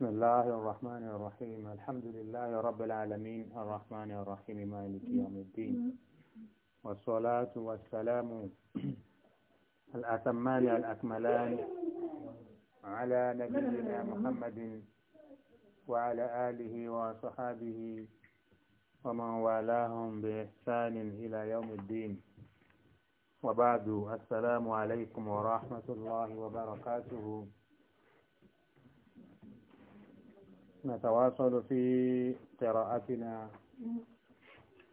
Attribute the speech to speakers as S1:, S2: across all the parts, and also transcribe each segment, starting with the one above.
S1: بسم الله الرحمن الرحيم الحمد لله رب العالمين الرحمن الرحيم مالك يوم الدين والصلاة والسلام الأتمان الأكملان على نبينا محمد وعلى آله وصحابه ومن والاهم بإحسان إلى يوم الدين وبعد السلام عليكم ورحمة الله وبركاته نتواصل في قراءتنا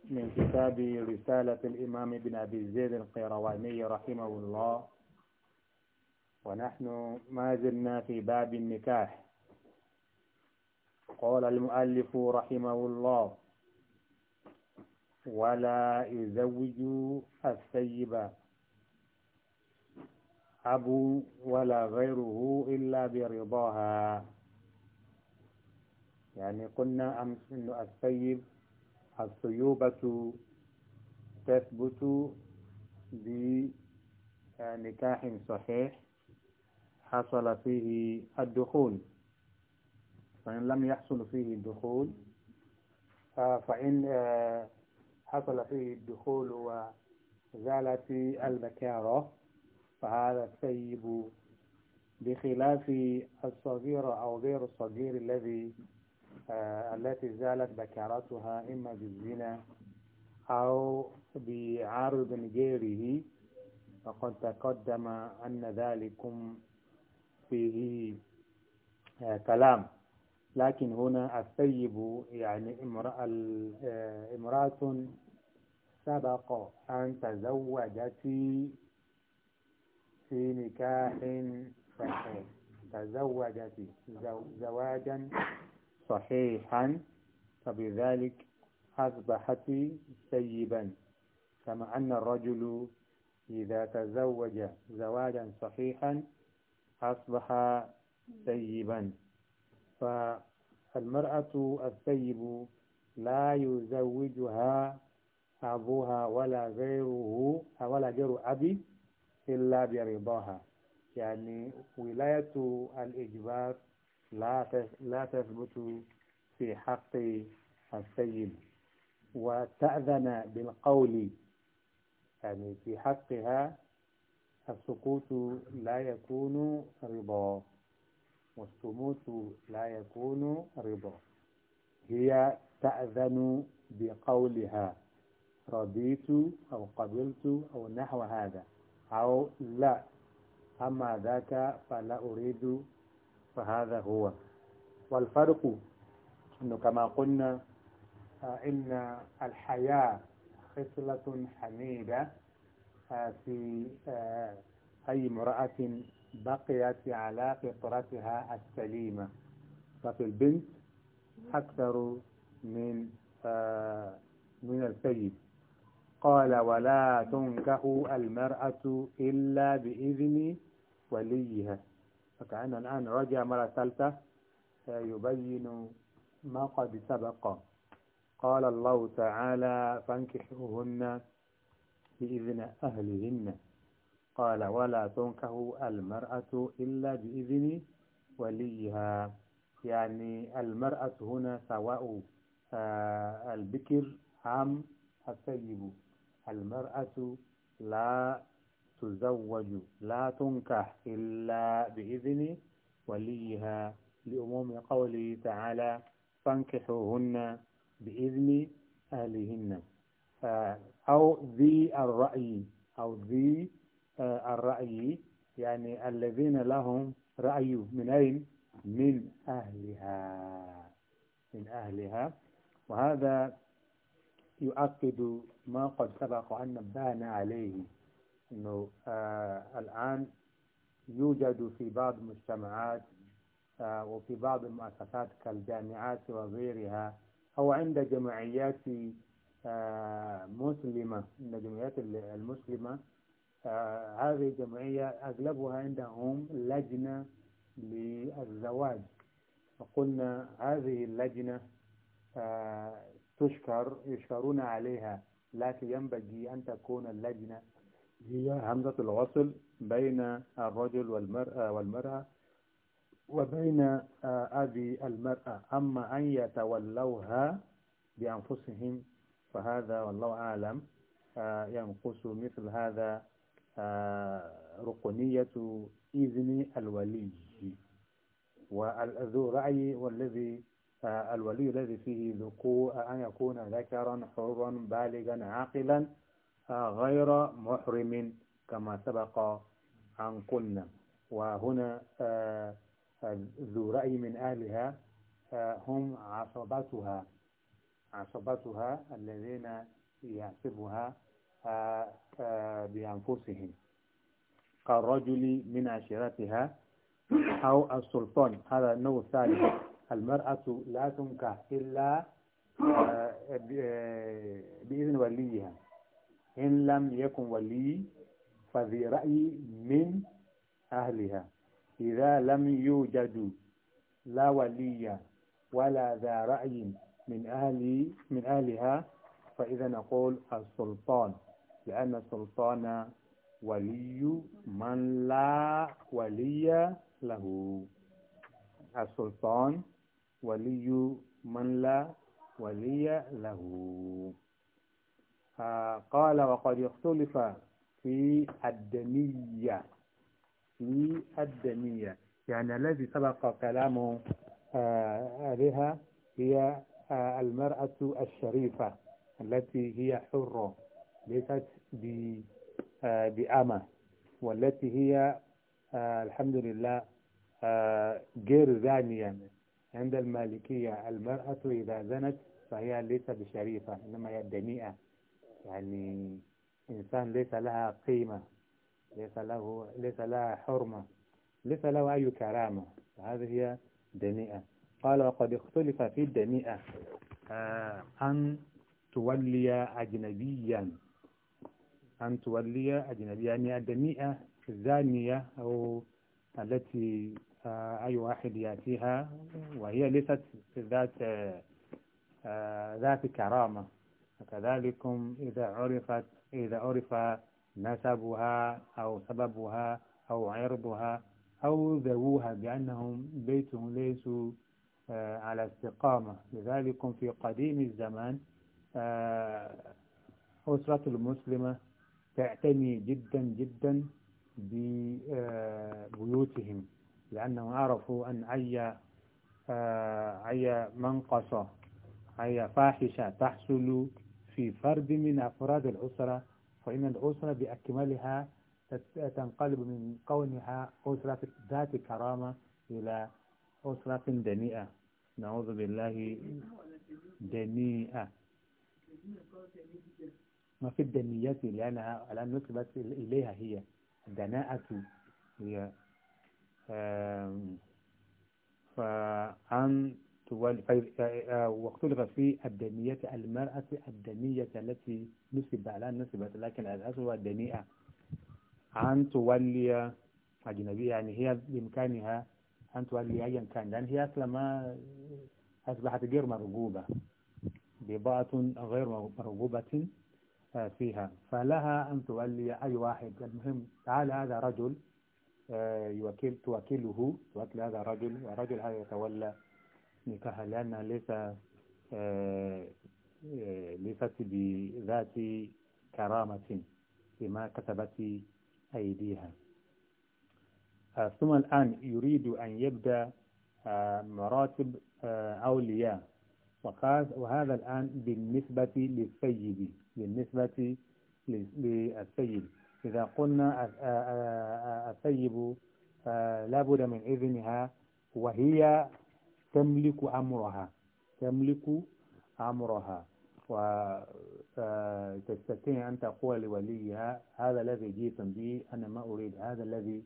S1: من كتاب رسالة الإمام ابن أبي زيد القيرواني رحمه الله ونحن ما زلنا في باب النكاح قال المؤلف رحمه الله ولا يزوج السيبة أبو ولا غيره إلا برضاها يعني قلنا أمس أن السيب الصيوبة تثبت بنكاح صحيح حصل فيه الدخول فإن لم يحصل فيه الدخول فإن آه، حصل فيه الدخول وزالت البكارة فهذا السيب بخلاف الصغير أو غير الصغير الذي آه، التي زالت بكارتها إما بالزنا أو بعارض غيره فقد تقدم أن ذلكم فيه آه، كلام لكن هنا الثيب يعني امرأة, آه، امرأة سبق أن تزوجت في نكاح صحيح تزوجت زواجا صحيحا فبذلك أصبحت سيبا كما أن الرجل إذا تزوج زواجا صحيحا أصبح سيبا فالمرأة السيب لا يزوجها أبوها ولا غيره ولا غير أبي إلا برضاها يعني ولاية الإجبار لا لا تثبت في حق السيد وتأذن بالقول يعني في حقها السقوط لا يكون رضا والصموت لا يكون رضا هي تأذن بقولها رضيت أو قبلت أو نحو هذا أو لا أما ذاك فلا أريد فهذا هو والفرق أنه كما قلنا آه، إن الحياة خصلة حميدة آه، في آه، أي امرأة بقيت على فطرتها السليمة ففي البنت أكثر من من السيد قال ولا تنكح المرأة إلا بإذن وليها فكأن الآن رجع مرة ثالثة يبين ما قد سبق قال الله تعالى فانكحوهن بإذن أهلهن قال ولا تنكه المرأة إلا بإذن وليها يعني المرأة هنا سواء آه، البكر أم السيب المرأة لا تزوج لا تنكح إلا بإذن وليها لأموم قوله تعالى فانكحوهن بإذن أهلهن آه، أو ذي الرأي أو ذي آه، الرأي يعني الذين لهم رأي من أين؟ من أهلها من أهلها وهذا يؤكد ما قد سبق أن نبهنا عليه أنه آه، الآن يوجد في بعض المجتمعات آه، وفي بعض المؤسسات كالجامعات وغيرها أو عند جمعيات آه، مسلمة عند جمعيات المسلمة هذه الجمعية أغلبها عندهم لجنة للزواج فقلنا هذه اللجنة تشكر يشكرون عليها لكن ينبغي أن تكون اللجنة هي همزة الوصل بين الرجل والمرأة والمرأة وبين آه، أبي المرأة أما أن يتولوها بأنفسهم فهذا والله أعلم آه، ينقص مثل هذا آه، رقنية إذن الولي والذو رأي والذي الولي الذي فيه ذكور أن يكون ذكرا حرا بالغا عاقلا غير محرم كما سبق أن قلنا وهنا آه، آه، ذو رأي من أهلها آه، هم عصبتها عصبتها الذين يحسبها بأنفسهم كالرجل من عشيرتها أو السلطان هذا النوع الثالث المرأة لا تنكح إلا بإذن وليها إن لم يكن ولي فذي رأي من أهلها إذا لم يوجد لا ولي ولا ذا رأي من أهل من أهلها فإذا نقول السلطان لأن السلطان ولي من لا ولي له السلطان ولي من لا ولي له قال وقد اختلف في الدنية في الدنية يعني الذي سبق كلامه آه، بها هي آه، المرأة الشريفة التي هي حرة ليست آه، بأمة والتي هي الحمد لله غير زانية عند المالكية المرأة إذا زنت فهي ليست بشريفة إنما هي دنيئة يعني إنسان ليس لها قيمة ليس له ليس لها حرمة ليس له أي كرامة هذه هي دنيئة قال وقد اختلف في الدنيئة آه، أن تولي أجنبيا أن تولي أجنبيا يعني الدنيئة الزانية أو التي آه، أي واحد يأتيها وهي ليست ذات آه، ذات كرامة فكذلكم إذا عرفت إذا عرف نسبها أو سببها أو عرضها أو ذووها بأنهم بيتهم ليسوا آه، على استقامة لذلك في قديم الزمان آه، أسرة المسلمة تعتني جدا جدا ببيوتهم آه، لأنهم عرفوا أن أي أي منقصة أي فاحشة تحصل في فرد من أفراد الأسرة فإن الأسرة بأكملها تنقلب من كونها أسرة ذات كرامة إلى أسرة دنيئة نعوذ بالله دنيئة ما في الدنية لأنها الآن نسبت إليها هي دناءة هي فأن آه، آه، واختلف في الدنية المرأة الدنية التي نسب لها نسبت لكن الأصل هو الدنيئة أن تولي أجنبية يعني هي بإمكانها أن تولي أيا كان لأن هي أصلا ما أصبحت غير مرغوبة بضاعة غير مرغوبة آه، فيها فلها أن تولي أي واحد المهم تعال هذا رجل يوكل توكله توكل هذا الرجل ورجل هذا يتولى نكاح لأنها ليس آه، آه، ليست بذات كرامة بما كتبت أيديها آه، ثم الآن يريد أن يبدأ مراتب أولياء وهذا الآن بالنسبة للسيد بالنسبة للسيد إذا قلنا السيب لابد من إذنها وهي تملك أمرها تملك أمرها وتستطيع آه، أن تقول لوليها هذا الذي جئت به أنا ما أريد هذا الذي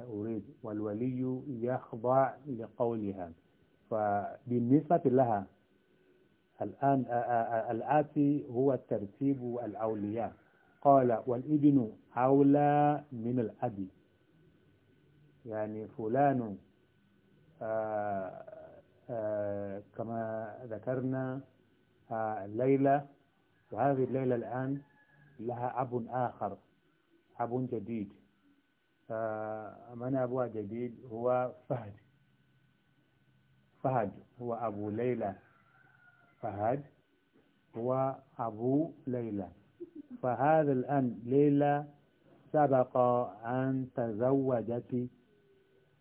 S1: أريد والولي يخضع لقولها فبالنسبة لها الآن الآتي هو الترتيب الأولياء قال والابن أولى من الأبي يعني فلان آه آه، كما ذكرنا آه، الليلة وهذه الليلة الآن لها أب آخر أب جديد آه، من أبوها جديد هو فهد فهد هو أبو ليلى فهد هو أبو ليلى فهذا الآن ليلى سبق أن تزوجت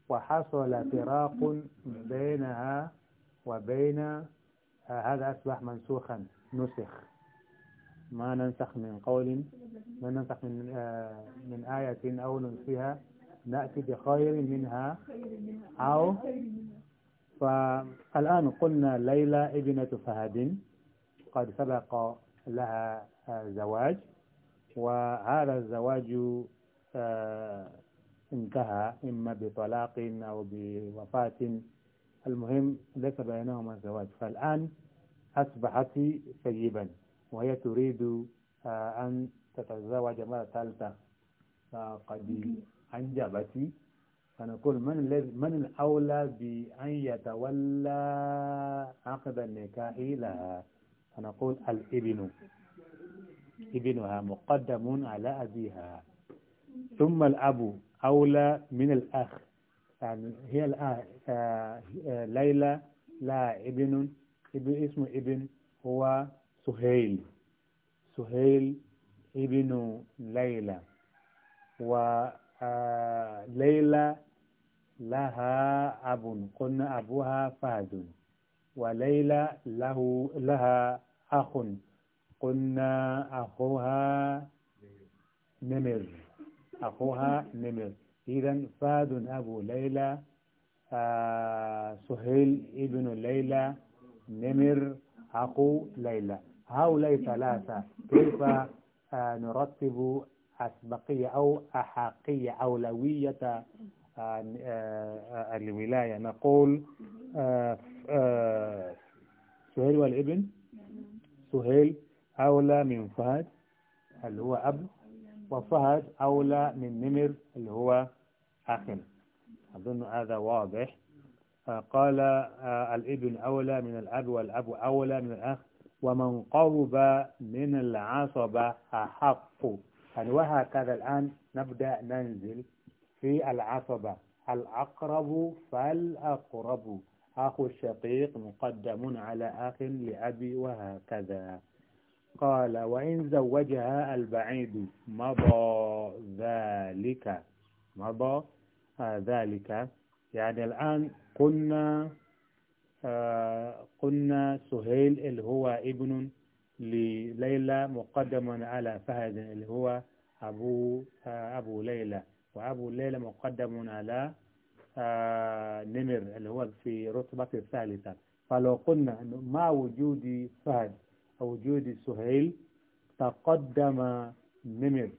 S1: وحصل فراق بينها وبين آه، هذا أصبح منسوخا نسخ ما ننسخ من قول ما ننسخ من آه، من آية أو ننسيها نأتي بخير منها أو فالآن قلنا ليلى ابنة فهد قد سبق لها آه، زواج وهذا الزواج انتهى إما بطلاق أو بوفاة المهم ليس بينهما زواج فالآن أصبحت سيبا وهي تريد آه، أن تتزوج مرة ثالثة فقد أنجبت فنقول من من الأولى بأن يتولى عقد النكاح لها فنقول الابن ابنها مقدم على أبيها ثم الأب أولى من الأخ هي الآن آه، آه، آه، ليلى لا ابن ابن اسم ابن هو سهيل سهيل ابن ليلى وليلى لها أب قلنا أبوها فهد وليلى له لها أخ قلنا أخوها نمر أخوها نمر إذا فهد أبو ليلى آه سهيل ابن ليلى نمر أخو ليلى هؤلاء ثلاثة كيف آه نرتب أسبقية أو أحقية أولوية آه،, آه الولاية نقول آه، آه، سهيل والابن سهيل أولى من فهد اللي هو أب وفهد أولى من نمر اللي هو أخن أظن هذا واضح آه، قال آه، الابن أولى من الأب والأب أولى من الأخ ومن قرب من العصبة أحق يعني وهكذا الآن نبدأ ننزل في العصبة الأقرب فالأقرب أخو الشقيق مقدم على أخ لأبي وهكذا قال وإن زوجها البعيد مضى ذلك مضى ذلك يعني الآن قلنا آه، قلنا سهيل اللي هو ابن لليلى مقدم على فهد اللي هو أبو آه، أبو ليلى وأبو ليلى مقدم على آه، نمر اللي هو في رتبة الثالثة فلو قلنا مع وجود فهد أو وجود سهيل تقدم نمر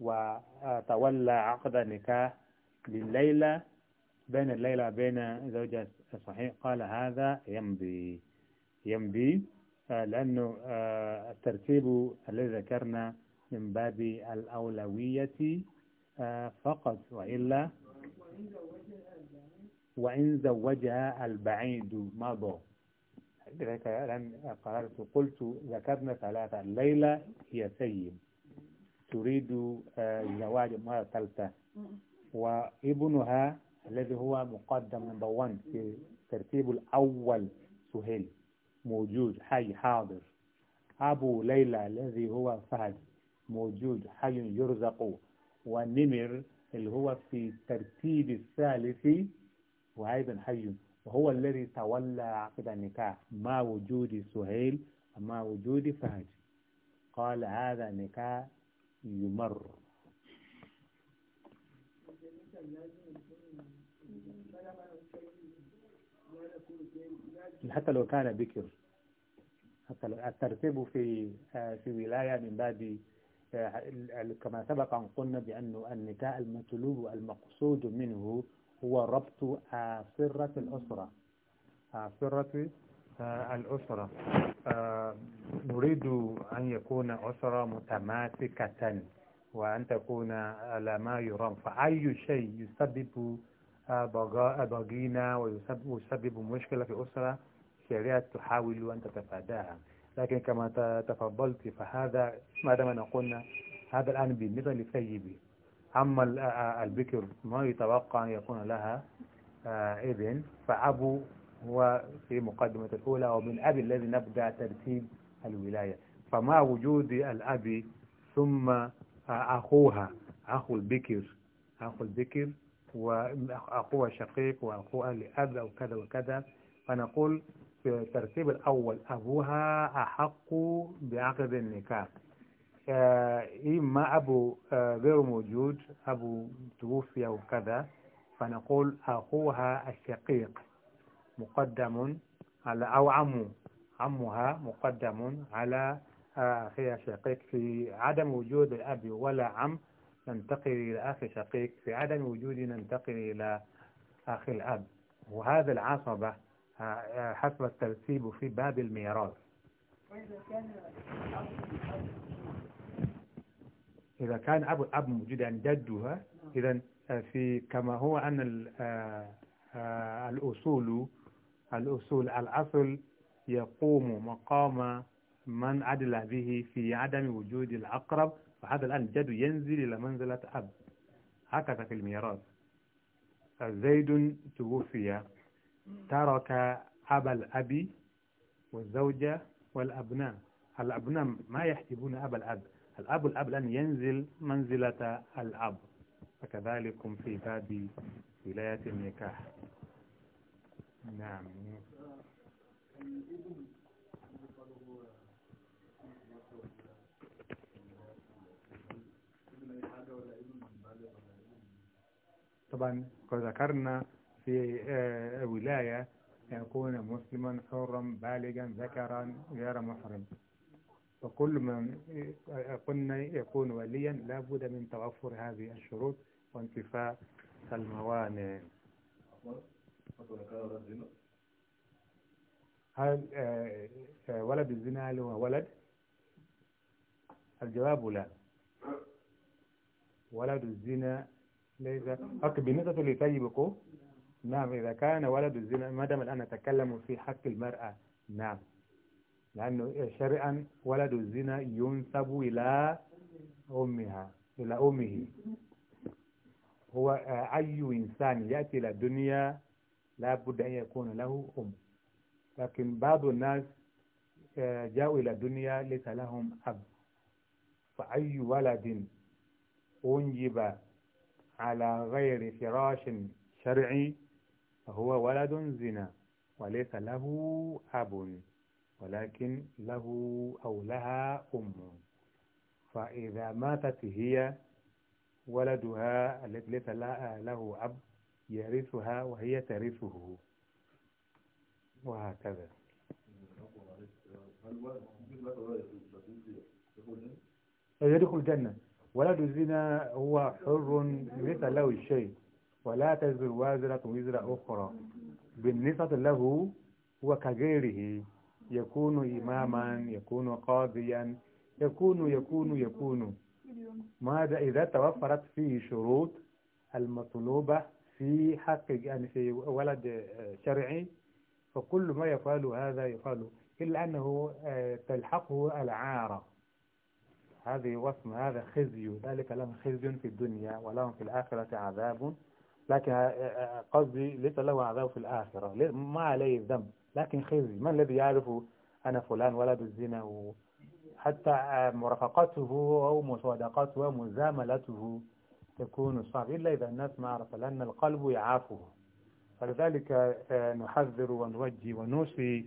S1: وتولى عقد نكاح لليلى بين الليلة بين زوجة صحيح قال هذا يمضي يمضي آه، لأنه آه، الترتيب الذي ذكرنا من باب الأولوية آه، فقط وإلا وإن زوجها البعيد مضى لذلك الآن قررت قلت ذكرنا ثلاثة الليلة هي سيد تريد زواج مرة ثالثة وابنها الذي هو مقدم نمبر 1 في ترتيب الأول سهيل موجود حي حاضر أبو ليلى الذي هو فهد موجود حي يرزق ونمر اللي هو في الترتيب الثالث وأيضا حي وهو الذي تولى عقد النكاح ما وجود سهيل ما وجود فهد قال هذا نكاح يمر يعني حتى لو كان بكر حتى لو الترتيب في آه، في ولاية من باب آه، كما سبق أن قلنا بأن النكاء المطلوب المقصود منه هو ربط آه، سرة الأسرة سرة الأسرة نريد أن يكون أسرة متماسكة وأن تكون على ما يرام فأي شيء يسبب ضغينة ويسبب مشكلة في أسرة الشريعة تحاول أن تتفاداها لكن كما تفضلت فهذا ما دام قلنا هذا الآن بالنسبة لسيبي أما البكر ما يتوقع أن يكون لها إذن فأبو هو في مقدمة الأولى ومن أبي الذي نبدأ ترتيب الولاية فما وجود الأبي ثم أخوها أخو البكر أخو البكر وأخوها شقيق وأخوها لأب أو كذا وكذا فنقول في الترتيب الأول أبوها أحق بعقد النكاح آه، إما أبو آه، غير موجود أبو توفي أو كذا فنقول أخوها الشقيق مقدم على أو عمه عمها مقدم على أخي شقيق في عدم وجود الأب ولا عم ننتقل إلى أخي شقيق في عدم وجود ننتقل إلى أخي الأب وهذا العصبة آه، آه، حسب الترتيب في باب الميراث إذا كان أب الأب موجود عن جدها إذا آه، في كما هو أن الأصول الأصول الأصل يقوم مقام من عدل به في عدم وجود الأقرب فهذا الآن جد ينزل إلى منزلة أب هكذا في الميراث زيد توفي ترك أبا الأب والزوجة والأبناء الأبناء ما يحجبون أبا الأب الأب الأب الآن ينزل منزلة الأب فكذلك في باب ولاية النكاح نعم طبعا ذكرنا في آه، ولاية يكون مسلما حرا بالغا ذكرا غير محرم وكل من آه، قلنا يكون وليا لابد من توفر هذه الشروط وانتفاء الموانع هل آه، ولد الزنا هل هو ولد الجواب لا ولد الزنا ليس حق بالنسبة لطيبكم نعم إذا كان ولد الزنا ما دام الآن نتكلم في حق المرأة نعم لأنه شرعا ولد الزنا ينسب إلى أمها إلى أمه هو أي إنسان يأتي إلى الدنيا لا بد أن يكون له أم لكن بعض الناس آه، جاءوا إلى الدنيا ليس لهم أب فأي ولد أنجب على غير فراش شرعي فهو ولد زنا وليس له أب ولكن له أو لها أم فإذا ماتت هي ولدها الذي ليس له أب يرثها وهي ترثه وهكذا يدخل الجنة ولد الزنا هو حر ليس له الشيء ولا تزر وازرة وزر أخرى بالنسبة له هو كغيره يكون إماما يكون قاضيا يكون يكون يكون ماذا إذا توفرت فيه شروط المطلوبة في حق يعني في ولد شرعي فكل ما يفعل هذا يفعله إلا أنه آه، تلحقه العارة هذه وصم هذا خزي ذلك لهم خزي في الدنيا ولهم في الآخرة عذاب لكن آه، آه، قصدي ليس له عذاب في الآخرة ما عليه ذنب لكن خزي من الذي يعرف أنا فلان ولد الزنا حتى آه، مرافقته أو مصادقته ومزاملته تكون صعب إلا إذا الناس ما عرف لأن القلب يعافه فلذلك نحذر ونوجه ونوصي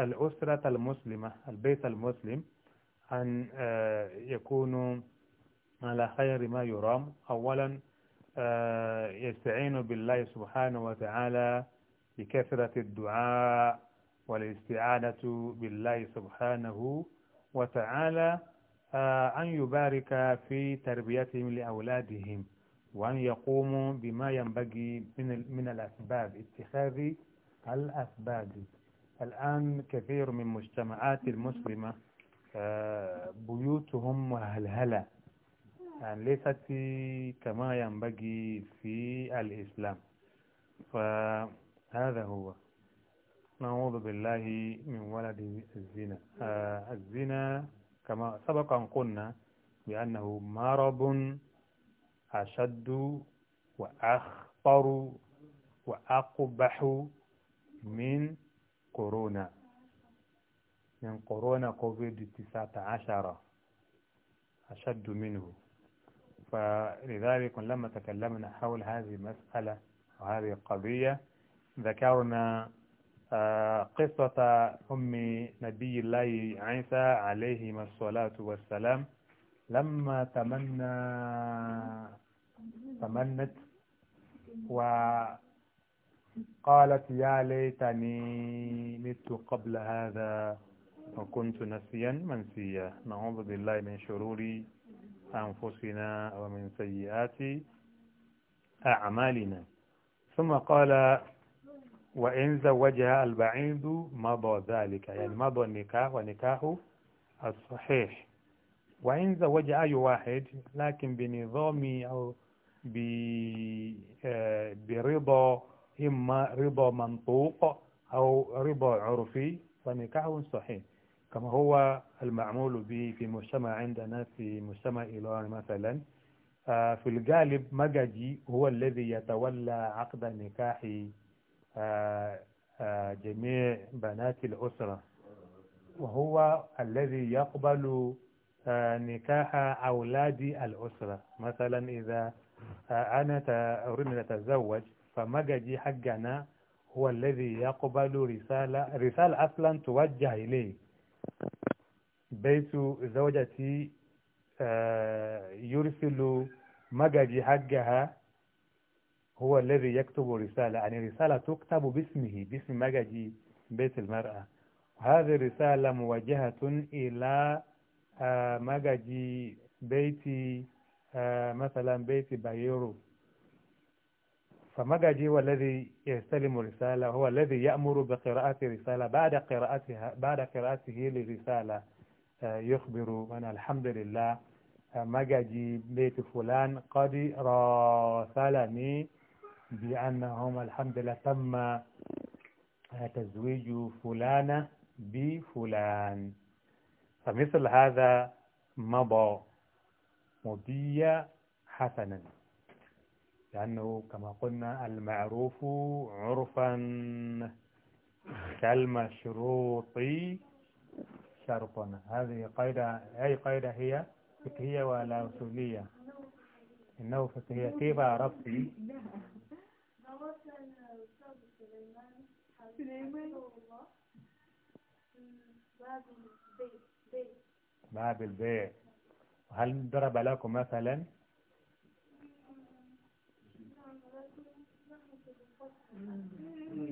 S1: الأسرة المسلمة البيت المسلم أن آه، يكونوا على خير ما يرام أولا آه، يستعين بالله سبحانه وتعالى بكثرة الدعاء والاستعانة بالله سبحانه وتعالى آه، أن يبارك في تربيتهم لأولادهم وأن يقوموا بما ينبغي من من الأسباب اتخاذ الأسباب الآن كثير من مجتمعات المسلمة بيوتهم وهلهلة يعني ليست كما ينبغي في الإسلام فهذا هو نعوذ بالله من ولد الزنا آه، الزنا كما سبق أن قلنا بأنه مرض أشد وأخطر وأقبح من كورونا من كورونا كوفيد 19 أشد منه فلذلك لما تكلمنا حول هذه المسألة وهذه القضية ذكرنا آه، قصة أم نبي الله عيسى عليه الصلاة والسلام لما تمنى تمنت وقالت يا ليتني مت قبل هذا وكنت نسيا منسيا نعوذ بالله من شرور أنفسنا ومن سيئات أعمالنا ثم قال وإن زوجها البعيد مضى ذلك يعني مضى النكاح ونكاح الصحيح وإن زوج أي واحد لكن بنظام أو آه، برضا إما رضا منطوق أو رضا عرفي فنكاح صحيح كما هو المعمول به في مجتمع عندنا في مجتمع إيران مثلا آه، في الغالب مجدي هو الذي يتولى عقد نكاح آه، آه، جميع بنات الأسرة وهو الذي يقبل نكاح أولاد الأسرة مثلا إذا أنا أريد أن أتزوج فمجدي حقنا هو الذي يقبل رسالة رسالة أصلا توجه إليه بيت زوجتي آه، يرسل مجدي حقها هو الذي يكتب رسالة يعني رسالة تكتب باسمه باسم مجدي بيت المرأة هذه الرسالة موجهة إلى آه، مجدي بيت آه، مثلا بيت بايرو فمجدي هو الذي يستلم الرسالة هو الذي يأمر بقراءة رسالة بعد قراءتها بعد قراءته للرسالة يخبر من الحمد لله مجدي بيت فلان قد راسلني بأنهم الحمد لله تم آه، تزويج فلانة بفلان فمثل هذا مضى مضي حسنا لأنه كما قلنا المعروف عرفا كالمشروط شرط هذه قاعدة أي قيدة هي فقهية ولا أصولية إنه فقهية كيف عرفتي باب البيع هل ضرب لكم مثلا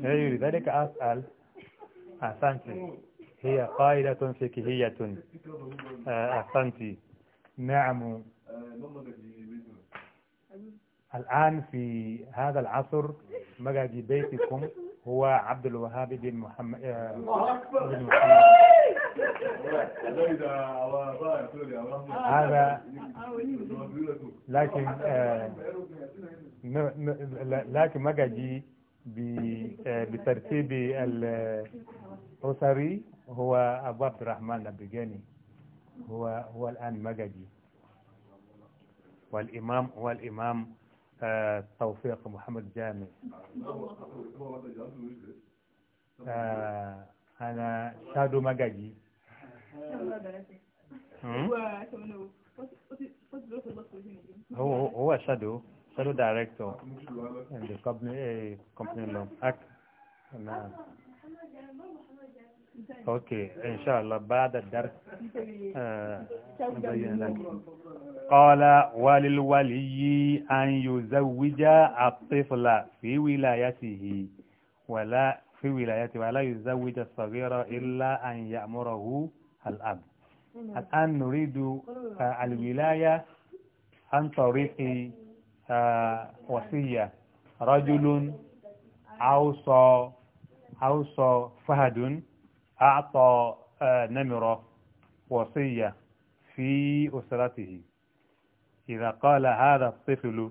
S1: أي لذلك أسأل أسأل آه، هي قائلة فكهية آه، أحسنتي نعم الآن في هذا العصر مجد بيتكم هو عبد الوهاب بن محمد آه، بن محمد
S2: هذا لكن آه،
S1: لكن مجدي بترتيب الأسري هو أبو عبد الرحمن لبجاني هو هو الآن مجدي والإمام هو الإمام آه، توفيق محمد جامع آه، أنا شادو مجدي هو هو شادو شادو دايركتور in the company company loan نعم أوكي إن شاء الله بعد الدرس آه قال وللولي أن يزوج الطفل في ولايته ولا في ولايته ولا يزوج الصغير إلا أن يأمره الأب الآن نريد آه، الولاية عن طريق آه، وصية رجل أوصى أوصى فهد أعطى آه، نمرة وصية في أسرته إذا قال هذا الطفل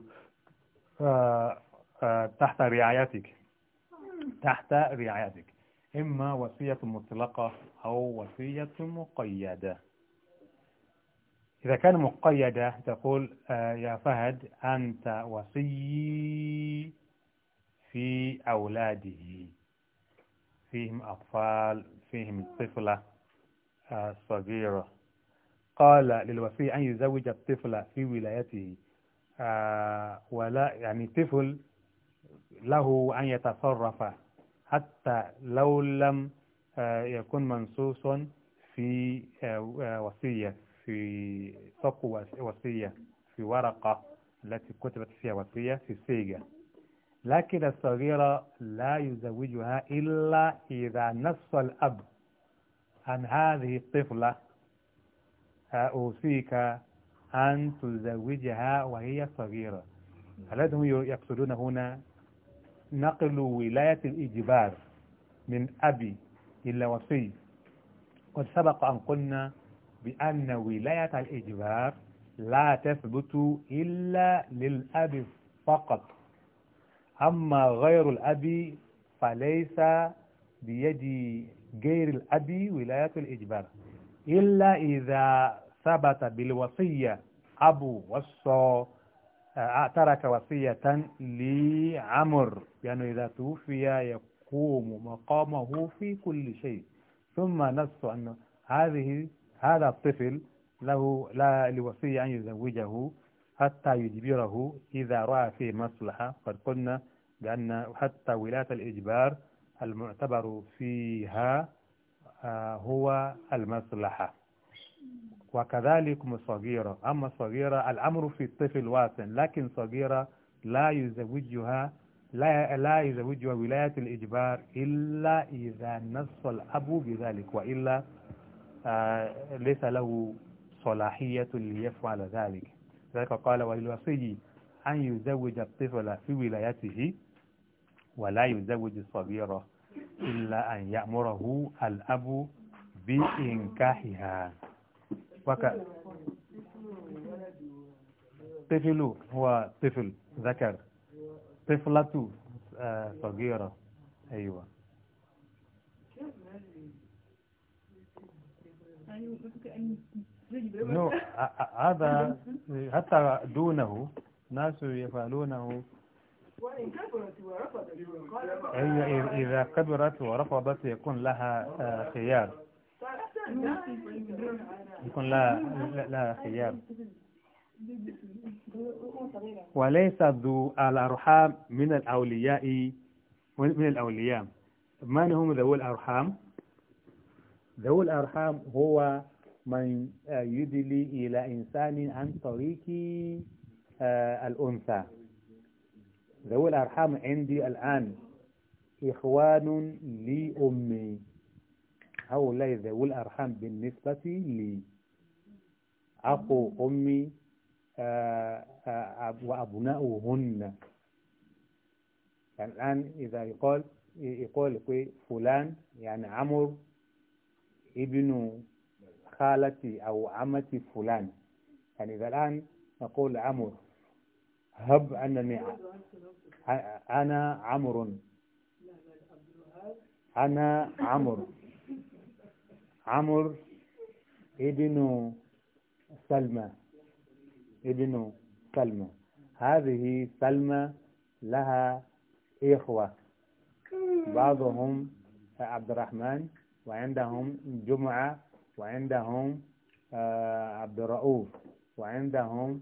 S1: آه، آه، تحت رعايتك تحت رعايتك إما وصية مطلقة أو وصية مقيدة إذا كان مقيدة تقول يا فهد أنت وصي في أولاده فيهم أطفال فيهم طفلة صغيرة قال للوفي أن يزوج الطفل في ولايته ولا يعني طفل له أن يتصرف حتى لو لم يكن منصوص في وصية في صك وصية في ورقة التي كتبت فيها وصية في صيغة لكن الصغيرة لا يزوجها إلا إذا نص الأب عن هذه الطفلة أوصيك أن تزوجها وهي صغيرة الذين يقصدون هنا نقل ولاية الإجبار من أبي إلى وصي قد سبق أن قلنا بأن ولاية الإجبار لا تثبت إلا للأب فقط أما غير الأب فليس بيد غير الأب ولاية الإجبار إلا إذا ثبت بالوصية أبو وصى آه، ترك وصية لعمر يعني إذا توفي يقوم مقامه في كل شيء ثم نص أن هذه هذا الطفل له لا لوصية أن يزوجه حتى يجبره إذا رأى فيه مصلحة قد قلنا بأن حتى ولاية الإجبار المعتبر فيها آه، هو المصلحة وكذلك صغيرة أما صغيرة الأمر في الطفل واسع لكن صغيرة لا يزوجها لا لا يزوجها ولاية الإجبار إلا إذا نص الأب بذلك وإلا آه، ليس له صلاحية ليفعل ذلك ذلك قال وللوصي أن يزوج الطفل في ولايته ولا يزوج الصغيرة إلا أن يأمره الأب بإنكاحها وك... طفل هو طفل ذكر طفلة آه، صغيرة أيوة
S2: أن أيوة، أيوة. نو
S1: هذا حتى دونه ناس يفعلونه إذا كبرت ورفضت يكون لها آه، خيار
S2: يكون لها لها خيار
S1: وليس ذو الأرحام من الأولياء من الأولياء من هم ذوي الأرحام؟ ذوي الأرحام هو من آه، يدلي إلى إنسان عن طريق آه، الأنثى ذو الأرحام عندي الآن إخوان لأمي هؤلاء ذو الأرحام بالنسبة لي أخو أمي آه، وأبناؤهن يعني الآن إذا يقول يقول فلان يعني عمر ابن خالتي أو عمتي فلان يعني إذا الآن نقول عمر هب أنني أنا عمر أنا عمر عمر ابن سلمى ابن سلمى هذه سلمى لها إخوة بعضهم عبد الرحمن وعندهم جمعة وعندهم آه، عبد الرؤوف وعندهم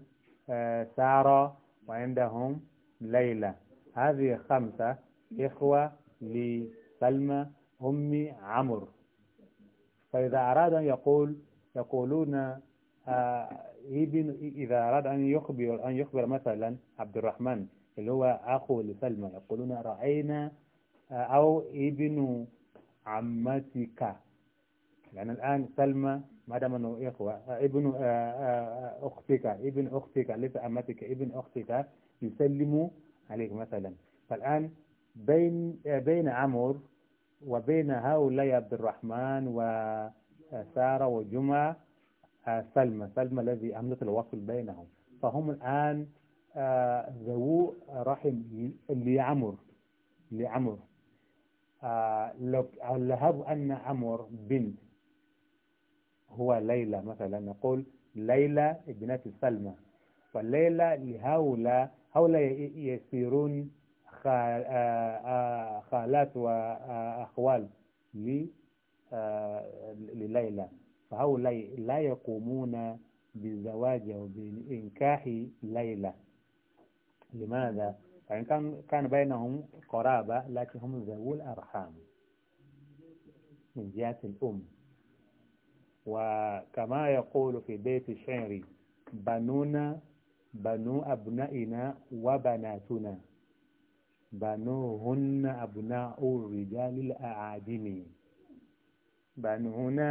S1: آه، سارة وعندهم ليلى هذه خمسة إخوة لسلمى أم عمرو فإذا أراد أن يقول يقولون آه، ابن إذا أراد أن يخبر أن يخبر مثلا عبد الرحمن اللي هو أخو لسلمى يقولون رأينا أو ابن عمتك يعني الآن سلمى ما دام أنه إخوة آه، ابن آه، آه، أختك ابن أختك ليس أمتك ابن أختك يسلم عليك مثلا فالآن بين بين عمر وبين هؤلاء عبد الرحمن وسارة وجمعة سلمى سلمى الذي أملت الوصل بينهم فهم الآن ذو رحم لعمر لعمر لو لهب أن عمر بنت هو ليلى مثلا نقول ليلى ابنة سلمى فليلى لهؤلاء هؤلاء يصيرون خالات وأخوال لليلى فهؤلاء لا يقومون بالزواج أو بإنكاح ليلى لماذا؟ فإن يعني كان كان بينهم قرابة لكن هم ذوو الأرحام من جهة الأم وكما يقول في بيت الشعر بنونا بنو أبنائنا وبناتنا بنوهن أبناء الرجال الأعاجم بنونا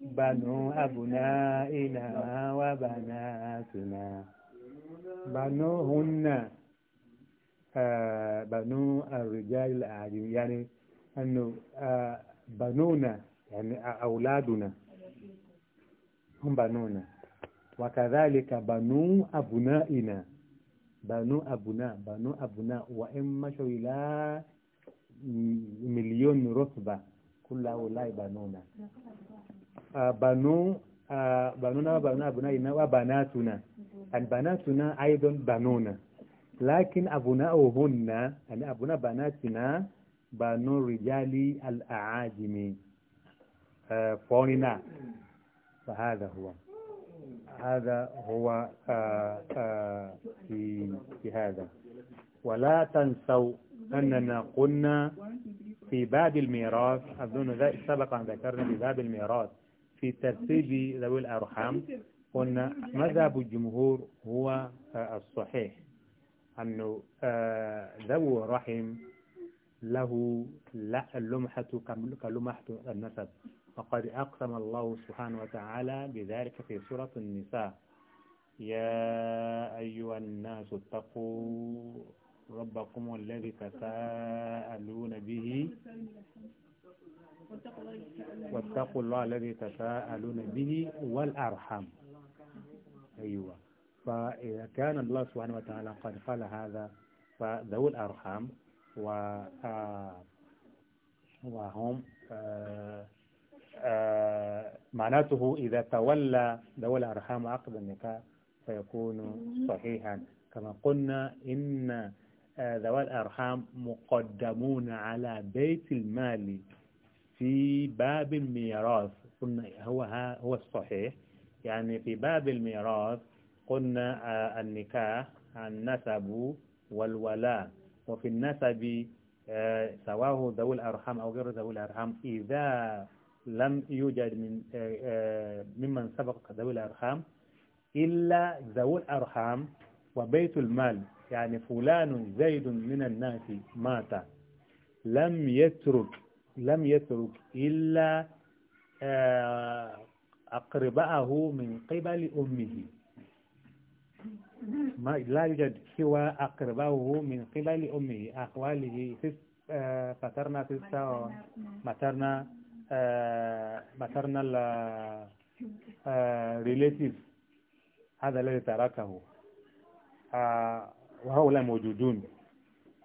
S1: بنو أبنائنا وبناتنا بنوهن آه بنو الرجال الأعاجم يعني أنه بنونا يعني أولادنا هم بنونا وكذلك بنو أبنائنا بنو أبناء بنو أبناء وإن مشوا إلى مليون رتبة كل هؤلاء بنونا بنو بنونا وبنو أبنائنا وبناتنا البناتنا أيضا بنونا لكن أبناؤهن يعني أبناء بناتنا بنو رجال الأعاجم فورنا فهذا هو هذا هو آه، آه، في في هذا ولا تنسوا أننا قلنا في باب الميراث أظن ذلك سبقا ذكرنا في باب الميراث في ترتيب ذوي الأرحام قلنا مذهب الجمهور هو آه، الصحيح أنه ذوي الرحم له لمحة كلمحة النسب فقد أقسم الله سبحانه وتعالى بذلك في سورة النساء يا أيها الناس اتقوا ربكم الذي تساءلون به واتقوا الله الذي تساءلون به والأرحم أيوة فإذا كان الله سبحانه وتعالى قد قال هذا فذو الأرحام و آه، وهم آه، آه، معناته إذا تولى ذوي الأرحام عقد النكاح فيكون صحيحا كما قلنا إن آه، ذوي الأرحام مقدمون على بيت المال في باب الميراث قلنا هو هو الصحيح يعني في باب الميراث قلنا آه، النكاح النسب والولاء وفي النسب سواه ذوي الأرحام أو غير ذوي الأرحام إذا لم يوجد من آه، آه، ممن سبق ذوي الأرحام إلا ذوي الأرحام وبيت المال يعني فلان زيد من الناس مات لم يترك لم يترك إلا آه، أقربائه من قبل أمه ما لا يوجد سوى أقربائه من قبل أمه أخواله فترنا فترنا آه، maternal آه، آه، relatives هذا الذي تركه وهؤلاء موجودون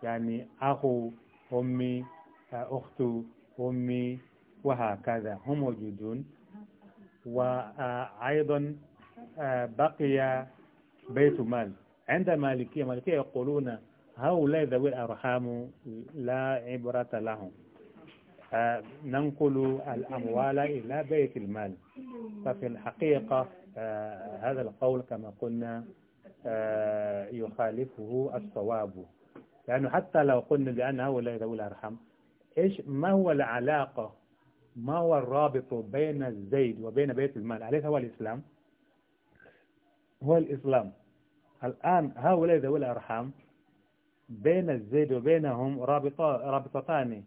S1: يعني أخو أمي أخت أمي وهكذا هم موجودون وأيضا بقي بيت مال عند المالكية المالكية يقولون هؤلاء ذوي الأرحام لا عبرة لهم ننقل الأموال إلى بيت المال ففي الحقيقة آه، هذا القول كما قلنا آه، يخالفه الصواب لأنه حتى لو قلنا بأن هؤلاء ذوي الأرحام إيش ما هو العلاقة ما هو الرابط بين الزيد وبين بيت المال أليس هو الإسلام هو الإسلام الآن هؤلاء ذوي الأرحام بين الزيد وبينهم رابطة رابطتان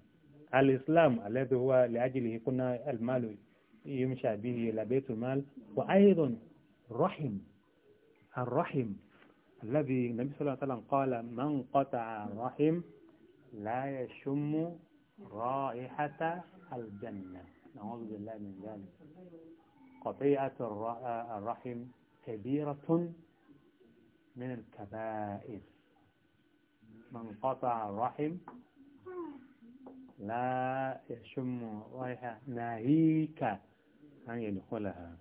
S1: الإسلام الذي هو لأجله كنا المال يمشى به إلى بيت المال وأيضا رحم الرحم الذي النبي صلى الله عليه وسلم قال من قطع الرحم لا يشم رائحة الجنة نعوذ بالله من ذلك قطيعة الرحم كبيرة من الكبائر من قطع الرحم لا يشم رائحة ناهيك أن يدخلها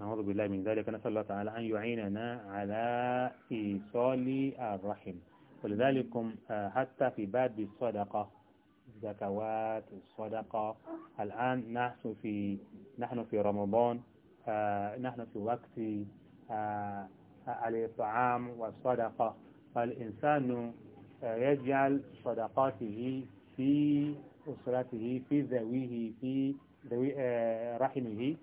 S1: نعوذ بالله من ذلك نسأل الله تعالى أن يعيننا على إيصال الرحم ولذلك آه، حتى في باب الصدقة زكوات الصدقة الآن نحن في نحن في رمضان آه، نحن في وقت آه، الإطعام والصدقة فالإنسان يجعل صدقاته في أسرته في ذويه في ذوي آه، رحمه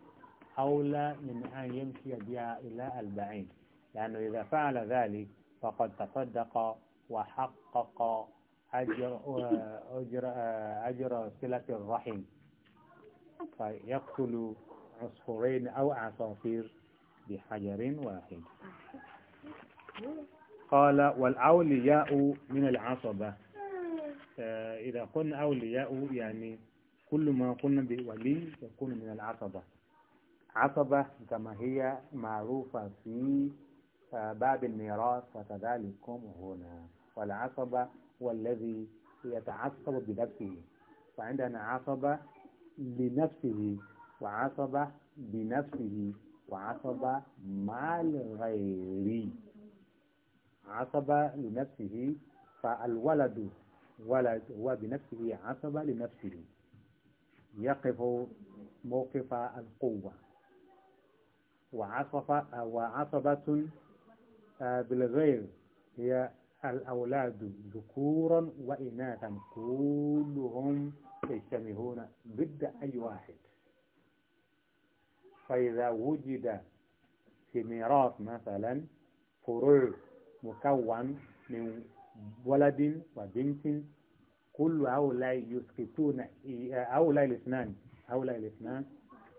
S1: أولى من أن يمشي بها إلى البعيد لأنه إذا فعل ذلك فقد تصدق وحقق أجر آه، أجر آه، أجر صلة الرحم فيقتل عصفورين أو عصافير بحجر واحد قال والأولياء من العصبة آه، إذا قلنا أولياء يعني كل ما قلنا بولي يكون من العصبة عصبة كما هي معروفة في آه، باب الميراث وكذلكم هنا والعصبة هو الذي يتعصب بنفسه فعندنا عصبة لنفسه وعصبة بنفسه وعصبة مع الغير عصبة لنفسه فالولد ولد هو بنفسه عصب لنفسه يقف موقف القوة وعصف وعصبة آه، بالغير هي الأولاد ذكورا وإناثا كلهم يجتمعون ضد أي واحد فإذا وجد في ميراث مثلا فروع مكون من ولد وبنت كل هؤلاء يسكتون هؤلاء الاثنان هؤلاء الاثنان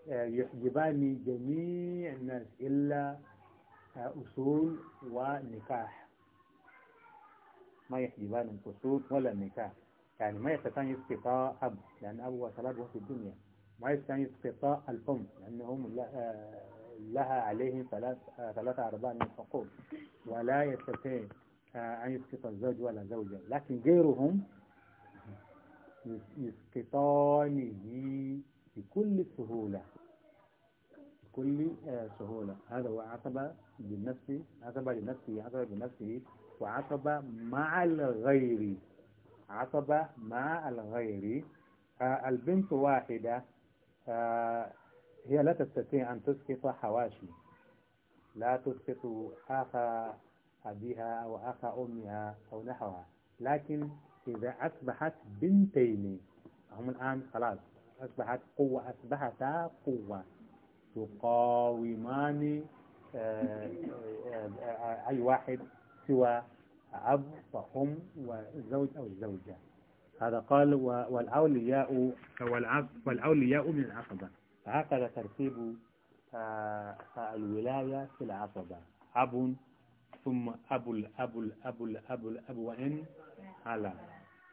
S1: آه، يحجبان جميع الناس إلا آه، أصول ونكاح ما يحجبان أصول ولا النكاح يعني ما يستطيع يسقطا أب لأن ابوه وثلاثة في الدنيا ما يستطيع يسقطا الأم لأنهم آه، لها عليهم ثلاث ثلاثة أرباع من الحقوق ولا يستطيع أن يسقط الزوج ولا زوجة لكن غيرهم يسقطانه بكل سهولة بكل آه، سهولة هذا هو عتب لنفسه عتب لنفسه عتب بنفسه وعتب مع الغير عتب مع الغير البنت واحدة آه، هي لا تستطيع أن تسقط حواشي لا تسقط اخا أبيها أو أخ أمها أو نحوها لكن إذا أصبحت بنتين هم الآن خلاص أصبحت قوة أصبحتا قوة تقاومان آه، آه، آه، أي واحد سوى أب وأم وزوج أو الزوجة هذا قال والأولياء والأولياء من العقبة هكذا ترتيب الولاية في العقبة أب ثم أبو الأبو الأبو الأبو الأبو وإن على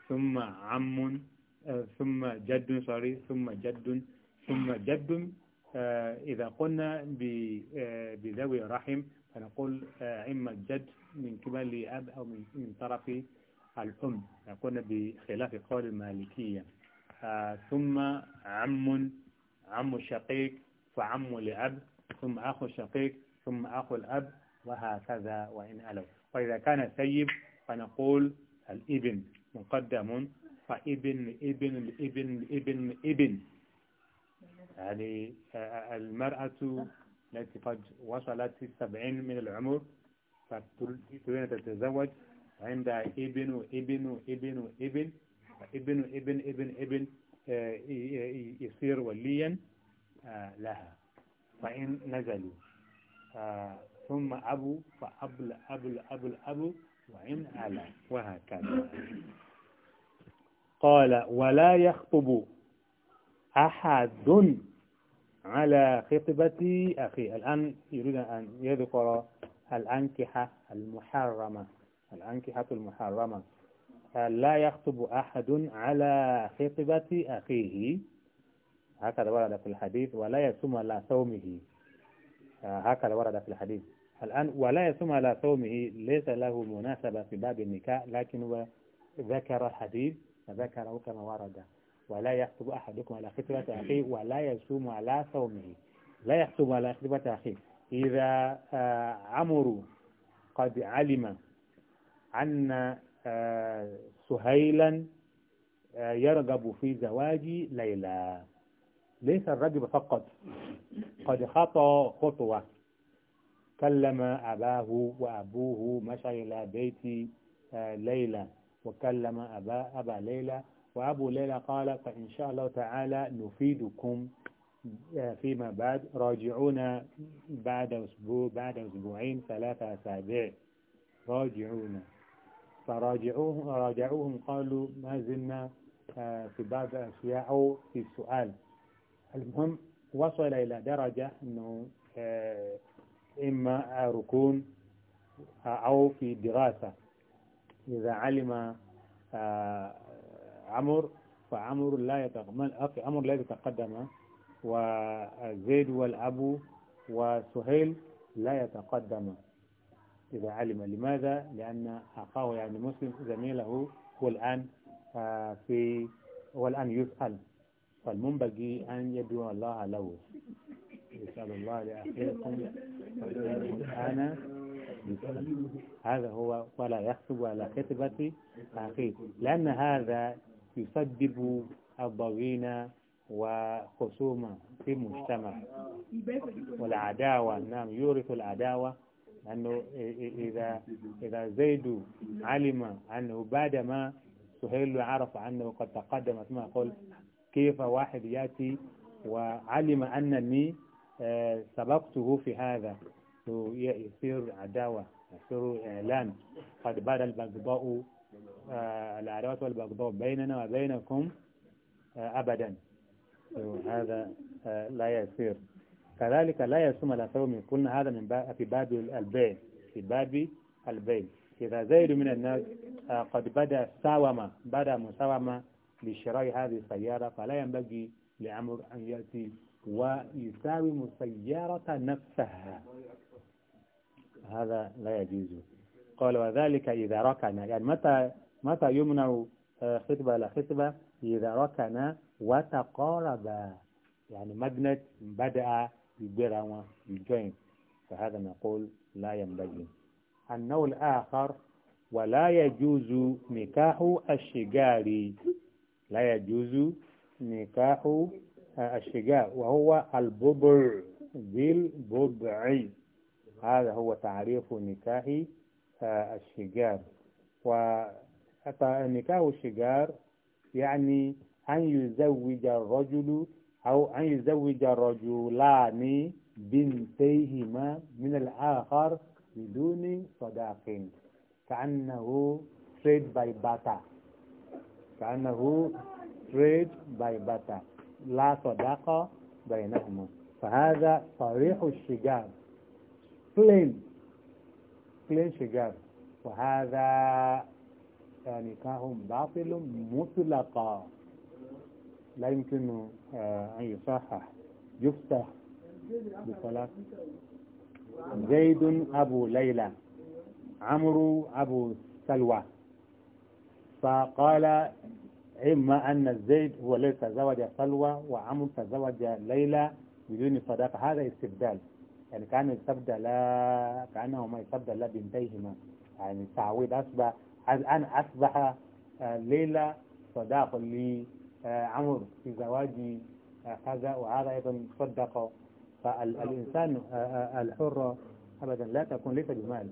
S1: ثم عم آه، ثم جد سوري ثم جد ثم جد آه، إذا قلنا آه، بذوي رحم فنقول إما الجد من كبال أب أو من طرف الأم قلنا بخلاف قول المالكية ثم عم عم شقيق فعم لأب ثم أخ شقيق ثم أخ الأب وهكذا وإن ألو وإذا كان سيب فنقول الابن مقدم فابن ابن إبن ابن ابن يعني المرأة التي قد وصلت السبعين من العمر فتريد أن تتزوج عند ابن ابن ابن ابن ابن ابن ابن ابن آه، يصير وليا آه، لها فإن نزلوا ثم أبو فأبل أبل أبل أبو وإن على وهكذا قال ولا يخطب أحد على خطبة أخي الآن يريد أن يذكر الأنكحة المحرمة الأنكحة المحرمة لا يخطب أحد على خطبة أخيه هكذا ورد في الحديث ولا يصوم على صومه هكذا ورد في الحديث الآن ولا يصوم على صومه ليس له مناسبة في باب النكاح لكن هو ذكر الحديث فذكره كما ورد ولا يحسب أحدكم على خطبة أخيه ولا يصوم على صومه لا يحسب على خطبة أخيه إذا آه، عمرو قد علم أن آه، سهيلا آه، يرغب في زواج ليلى ليس الرجل فقط قد خطى خطوة كلم أباه وأبوه مشى إلى بيت آه، ليلى وكلم أبا, أبا ليلى وأبو ليلى قال فإن شاء الله تعالى نفيدكم آه، فيما بعد راجعون بعد أسبوع بعد أسبوعين ثلاثة أسابيع راجعون فراجعوهم راجعوهم قالوا ما زلنا آه، في بعض الأشياء أو في السؤال المهم وصل إلى درجة أنه إما ركون أو في دراسة إذا علم آه، عمر فعمر لا يتقدم عمر لا يتقدم وزيد والأب وسهيل لا يتقدم إذا علم لماذا لأن أخاه يعني مسلم زميله هو الآن آه، في والآن يسأل فالمنبغي أن يدعو الله له نسأل الله لأخيركم أنا هذا هو ولا يخطب على خطبة أخيه لأن هذا يسبب الضغينة وخصومة في المجتمع والعداوة نعم يورث العداوة أنه إذا إذا زيد علم أنه بعدما سهيل عرف أنه قد تقدم ثم قلت كيف واحد يأتي وعلم أنني سبقته في هذا يصير عداوة يصير إعلان قد بدا البغضاء آه، العداوة والبغضاء بيننا وبينكم آه، أبدا هذا آه، لا يصير كذلك لا يصوم الأثوم قلنا هذا من باب في باب البيع في باب البيع إذا زيد من الناس قد بدا ساومة بدا مساومة لشراء هذه السيارة فلا ينبغي لعمر أن يأتي ويساوم السيارة نفسها هذا لا يجوز قال وذلك إذا ركن يعني متى متى يمنع آه، خطبة لا خطبة إذا ركن وتقارب يعني مبنى بدأ يجرى يجوين فهذا نقول لا ينبغي النوع الآخر ولا يجوز نكاح الشجار لا يجوز نكاح الشجاع وهو البضع بالبضع هذا هو تعريف نكاه آه، الشجار ونكاه الشجار يعني أن يزوج الرجل أو أن يزوج الرجلان بنتيهما من الآخر بدون صداق كأنه trade by barter كأنه trade by barter لا صداقة بينهما فهذا صريح الشجاب plain plain شجاب وهذا يعني كهم باطل مطلقا لا يمكن آه، أن يصحح يفتح بصلاة زيد أبو ليلى عمرو أبو سلوى فقال إما أن زيد هو ليس تزوج سلوى وعمر تزوج ليلى بدون صداقة هذا استبدال يعني كان استبدل كأنهما استبدل بنتيهما يعني تعويض أصبح الآن أصبح آه، ليلى صداق لعمر في زواج آه، هذا وهذا أيضا صدقه فالإنسان آه، الحر أبدا لا تكون ليس بمال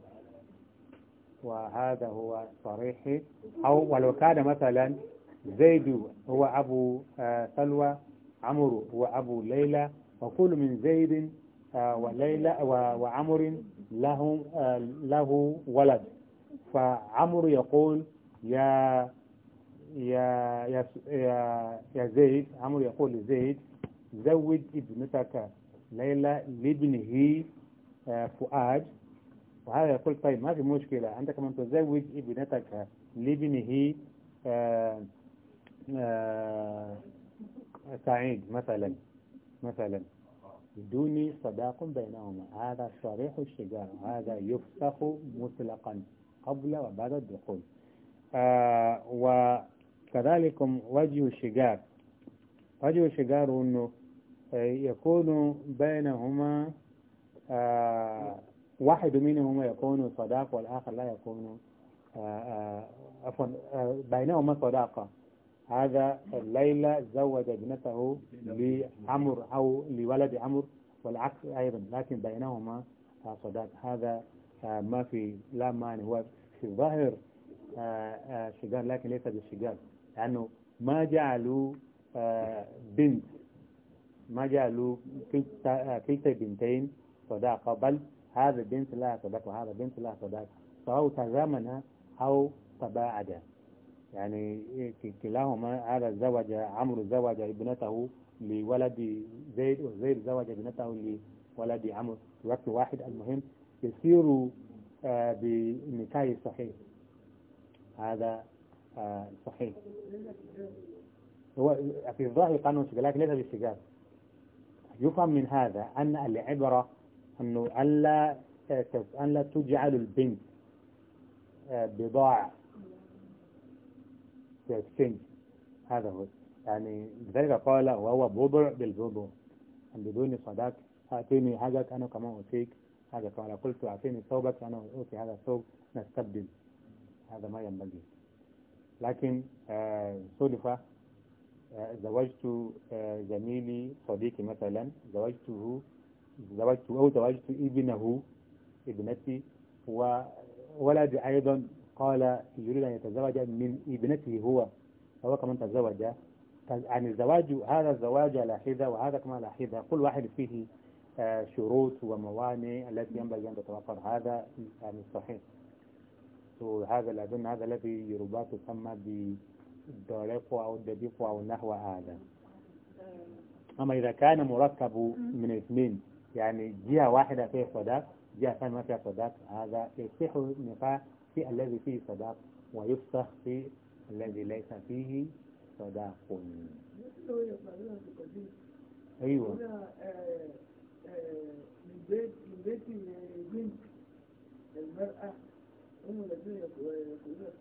S1: وهذا هو صريح أو ولو كان مثلا زيد هو أبو آه، سلوى عمرو هو أبو ليلى وكل من زيد آه، وليلى وعمر له آه، له ولد فعمرو يقول يا يا يا يا زيد عمرو يقول لزيد زوج ابنتك ليلى لابنه فؤاد وهذا يقول طيب ما في مشكلة أنت كمان تزوج ابنتك لابنه آه، سعيد مثلا مثلا دوني صداق بينهما هذا صريح الشجار هذا يفسخ مطلقا قبل وبعد الدخول آه، وكذلك وجه الشجار وجه الشجار أنه آه، يكون بينهما واحد منهما يكون صداق والآخر لا يكون عفوا بينهما صداقة هذا الليلة زوج ابنته لعمر أو لولد عمر والعكس أيضا لكن بينهما صداق هذا آه، ما في لا مانع هو في ظاهر آه، آه، شجار لكن ليس بالشجار لأنه ما جعلوا بنت ما جعلوا كلتا بنتين صداقة بل هذا بنت لها صداقة وهذا بنت لها صداقة سواء تزامنا أو تباعدا يعني كلاهما هذا زوج عمرو زوج ابنته لولد زيد وزيد زوج ابنته لولد عمرو في وقت واحد المهم يصير بنكاي آه، بنكاح صحيح هذا آه، صحيح هو في الظاهر قانون الشجاع لكن ليس بالشجاع يفهم من هذا أن العبرة أنه ألا آه، أن لا تجعل البنت بضاعة exchange هذا هو يعني لذلك قال وهو بضع بالبضع يعني بدون صداك أعطيني حاجك أنا كمان أعطيك هذا قال قلت أعطيني ثوبك أنا أعطي هذا الثوب نستبدل هذا ما ينبغي لكن آه، صدفة آه زوجت آه، زميلي صديقي مثلا زوجته زوجت أو زوجت ابنه ابنتي وولدي أيضا قال يريد أن يتزوج من ابنته هو فهو كمان تزوج يعني الزواج هذا الزواج لاحظة وهذا كمان لاحظة كل واحد فيه آه، شروط وموانع التي ينبغي أن تتوفر هذا يعني صحيح وهذا أظن هذا الذي يربى تسمى بالدريق أو الدبيق أو نحو هذا أما إذا كان مركب من اثنين يعني جهة واحدة فيها صداق جهة ثانية ما فيها صداق هذا يصح نفاق في الذي فيه صداق ويفسخ في الذي ليس فيه صداق أيوة
S2: من بيت من بيت بنت المرأة هم الذين يقولون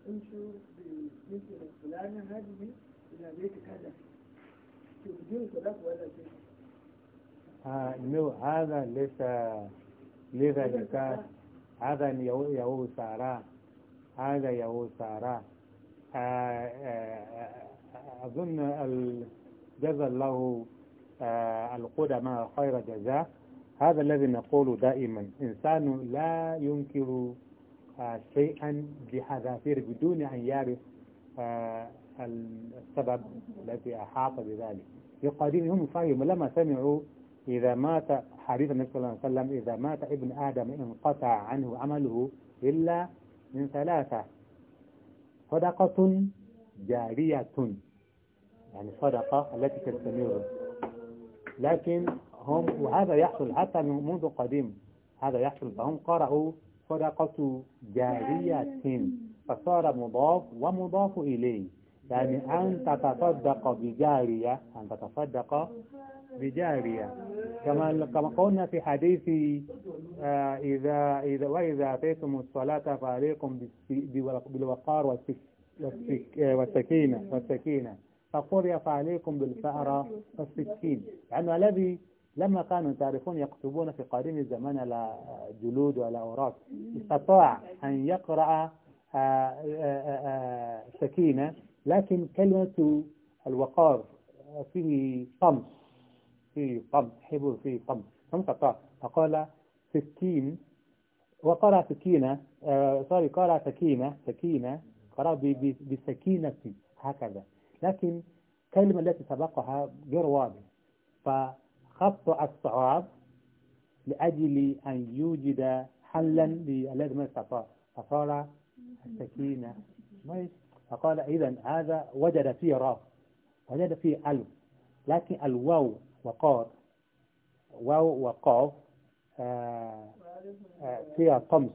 S2: امشوا بنت فلانة هذه إلى بيت كذا تبدون صداق ولا شيء
S1: هذا ليس لذا نكاح هذا يهو سارة هذا يهوسارا آه، آه، آه، أظن جزى الله القدماء خير جزاء هذا الذي نقول دائما إنسان لا ينكر شيئا بحذافير بدون أن يعرف السبب الذي أحاط بذلك في القديم هم صحيح لما سمعوا إذا مات حديث النبي صلى الله عليه وسلم إذا مات ابن آدم انقطع عنه عمله إلا من ثلاثة صدقة جارية يعني صدقة التي تستمر لكن هم وهذا يحصل حتى منذ قديم هذا يحصل فهم قرأوا صدقة جارية فصار مضاف ومضاف إليه يعني أن تتصدق بجارية أن تتصدق بجارية كما كما قلنا في حديث آه، إذا إذا وإذا أتيتم الصلاة فعليكم بالوقار آه، والسكينة والسكينة فقرئ فعليكم بالفأرة والسكين يعني الذي لما كانوا تعرفون يكتبون في قديم الزمان على جلود وعلى أوراق استطاع أن يقرأ آآ آه، آآ آآ سكينة لكن كلمة الوقار فيه طمس فيه طمس حبر فيه طمس قطع فقال سكين وقرأ سكينة صار آه، قرأ سكينة سكينة قرأ بسكينة هكذا لكن الكلمة التي سبقها غير واضح فخط الصعاب لأجل أن يوجد حلا للذي ما استطاع فصار السكينة ماشي فقال إذا هذا وجد فيه راء وجد فيه ألف لكن الواو وقار واو وقاف آه، آه، فيها طمس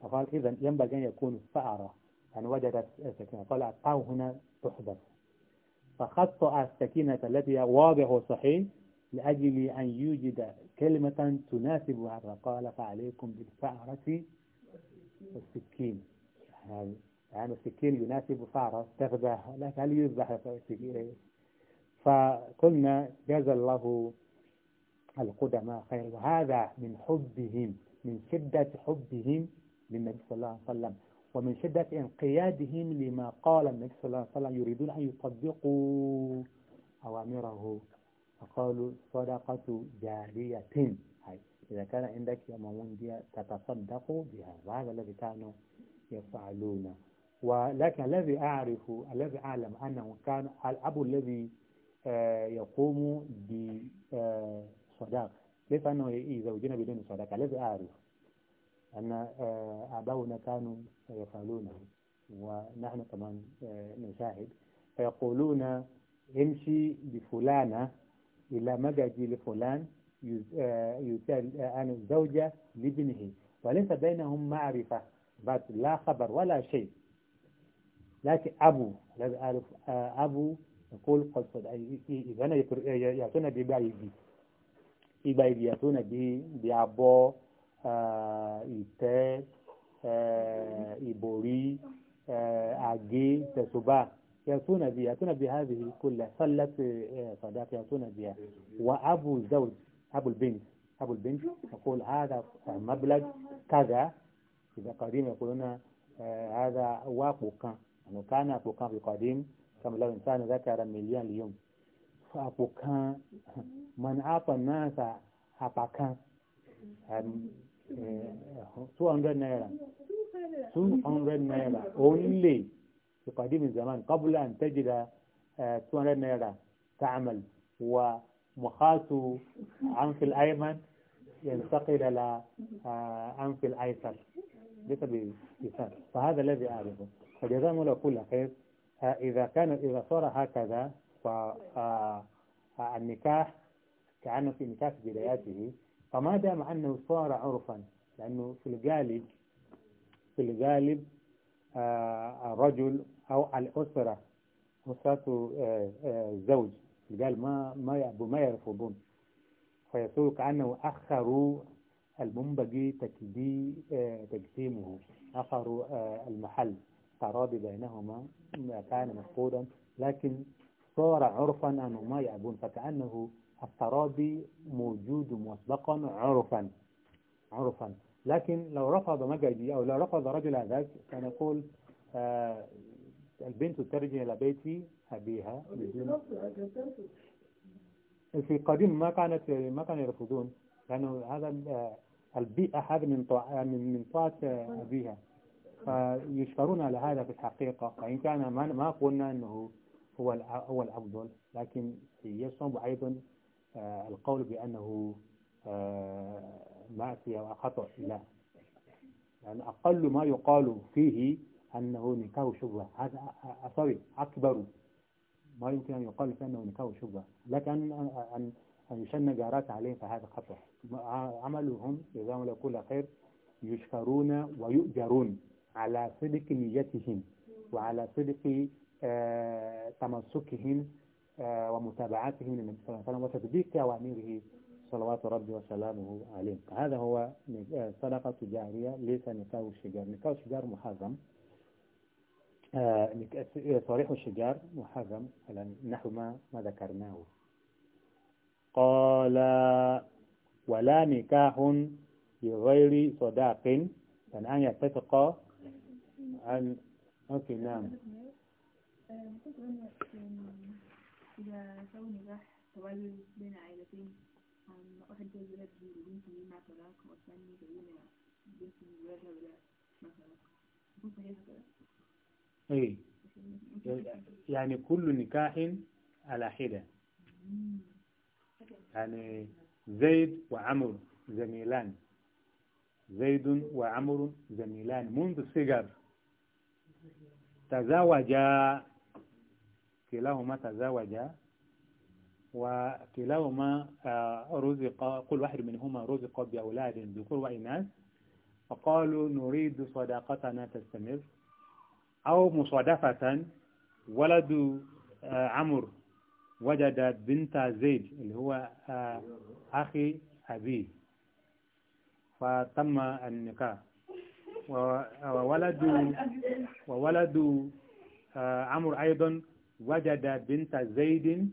S1: فقال إذا ينبغي أن يكون فأرى أن وجدت السكينة قال التاء هنا تحذف فخط السكينة التي واضح وصحيح لأجل أن يوجد كلمة تناسب هذا قال فعليكم بالفأرة والسكين هذه يعني يعني السكين يناسب فارة تذبح لكن هل يذبح السكين فقلنا جزى الله القدماء خير وهذا من حبهم من شدة حبهم للنبي صلى الله عليه وسلم ومن شدة انقيادهم لما قال النبي صلى الله عليه وسلم يريدون أن يطبقوا أوامره فقالوا صدقة جارية هاي إذا كان عندك يا موندية تتصدق بها وهذا الذي كانوا يفعلونه ولكن الذي أعرف الذي أعلم أنه كان الأب الذي آه، يقوم بصداق آه، ليس أنه يزوجنا بدون صداق الذي أعرف أن آه، آباؤنا كانوا يفعلونه ونحن كمان نشاهد فيقولون امشي بفلانة إلى مجدي لفلان يسأل عن الزوجة لابنه وليس بينهم معرفة بس لا خبر ولا شيء لا أبو لا ألف آه، أبو يقول قد صد إذا يأتون ببعيد ببعيد يأتون بعبو إتاء إبوري أجي تسبا يأتون بي يأتون بهذه آه، آه، كلها صلت صداق يأتون بها وأبو الزوج أبو البنت أبو البنت يقول هذا مبلغ كذا إذا قديم يقولون هذا واقو كان أنه كان أبو كان في القديم كما لو إنسان ذكر مليون اليوم فأبو كان من أعطى الناس أبو كان سوى أمرين نيرا
S2: سوى أمرين نيرا أولي
S1: في قديم الزمان قبل أن تجد سوى أمرين نيرا تعمل ومخاط عنف الأيمن ينتقل إلى أه، عنف الأيسر ليس بإيسان فهذا الذي أعرفه فجزاء من كل خير آه، إذا كان إذا صار هكذا فالنكاح آه، آه، كأنه في نكاح بداياته فما دام أنه صار عرفا لأنه في الغالب في الغالب الرجل أو الأسرة أسرة الزوج الرجال ما ما ما يرفضون فيصير كأنه أخروا المنبغي تقسيمه أخروا المحل تراضي بينهما كان مفقودا لكن صار عرفا أنهما ما يأبون فكأنه التراضي موجود مسبقا عرفا عرفا لكن لو رفض مجدي أو لو رفض رجل ذاك كان يقول آه البنت ترجع إلى بيت أبيها في قديم ما كانت ما كانوا يرفضون لأنه هذا آه، البيئة هذا من طاعة من طاعة أبيها فيشترون على هذا في الحقيقة وإن كان ما قلنا أنه هو هو الأفضل لكن يصعب أيضا آه، القول بأنه آه، ما في خطأ لا يعني أقل ما يقال فيه أنه نكاه شبهة هذا سوري آه، أكبر ما يمكن أن يقال فيه أنه نكاه شبهة لكن أن أن يشن جارات عليه فهذا خطأ عملهم جزاهم الله كل خير يشكرون ويؤجرون على صدق نيتهم وعلى صدق آه، تمسكهم آه، ومتابعتهم للنبي صلى الله عليه وسلم وتطبيق أوامره صلوات ربي وسلامه عليه هذا هو آه، صدقة تجاريه ليس نكاح الشجار نكاح الشجار محرم صريح الشجار محرم على نحو ما ما ذكرناه قال ولا نكاح بغير صداق أن يتفق عن أوكي نعم
S2: آه، إذا نجاح تولد بين عائلتين واحد جاي بنتي مع طلاق والثاني جاي بنتي مع طلاق يكون صحيح كده؟
S1: إيه يعني كل نكاح على حدة يعني زيد وعمر زميلان زيد وعمر زميلان منذ الصغر تزوجا كلاهما تزوجا وكلاهما آه، رزق كل واحد منهما رزق بأولاد ذكور وإناث فقالوا نريد صداقتنا تستمر أو مصادفة ولد آه، عمرو وجد بنت زيد اللي هو آه، أخي أبيه فتم النكاح وولد وولد آه، عمرو أيضا وجد بنت زيد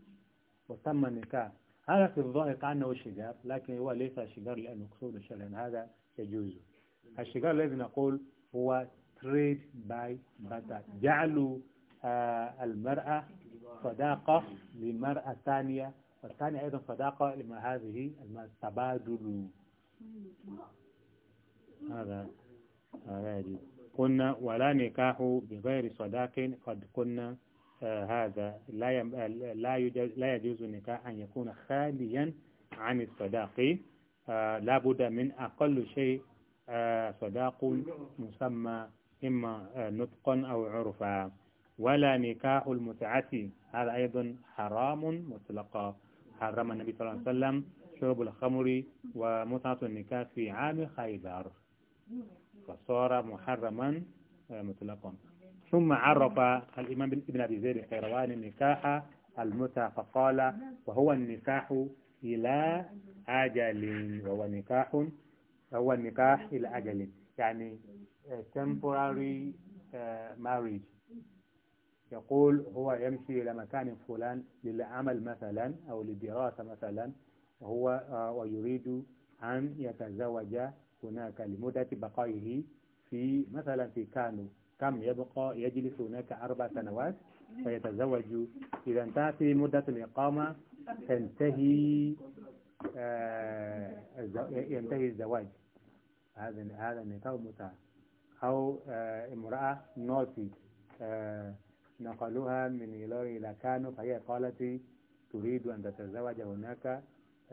S1: وتم النكاح هذا في الظاهر كأنه شجار لكن هو ليس شجار لأنه مقصود شرعا هذا يجوز الشجار الذي نقول هو trade by barter جعلوا آه، المرأة صداقة لمرأة ثانية والثانية أيضا صداقة لما هذه تبادلوا هذا آه، قلنا ولا نكاح بغير صداق قد قلنا آه، هذا لا يم... لا يجوز لا يجوز النكاح أن يكون خاليا عن الصداق آه، لا بد من أقل شيء صداق مسمى إما نطقا أو عرفا ولا نكاح المتعة هذا أيضا حرام مطلقا حرم النبي صلى الله عليه وسلم شرب الخمر ومتعة النكاح في عام خيبر فصار محرما آه، مطلقا ثم عرف الإمام ابن أبي زيد الخيروان النكاح المتى فقال وهو النكاح إلى أجل وهو نكاح هو النكاح إلى أجل يعني temporary آه، marriage يقول هو يمشي إلى مكان فلان للعمل مثلا أو للدراسة مثلا وهو آه، ويريد أن يتزوج هناك لمدة بقائه في مثلا في كانو كم يبقى يجلس هناك أربع سنوات فيتزوج إذا انتهت مدة الإقامة تنتهي آه ينتهي الزواج هذا هذا النكاح متعة أو آه امرأة نوتي آه نقلوها من إلى كانو فهي قالت تريد أن تتزوج هناك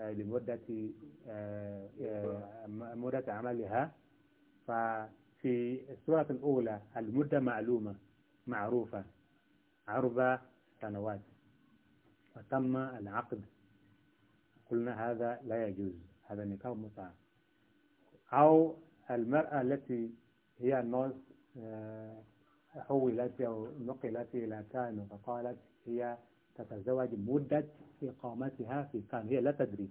S1: لمدة آه، آه، مدة عملها ففي السورة الأولى المدة معلومة معروفة أربع سنوات وتم العقد قلنا هذا لا يجوز هذا نكاح متعة أو المرأة التي هي الناس آه، حولت أو نقلت إلى كان فقالت هي تتزوج مدة إقامتها في كان هي لا تدري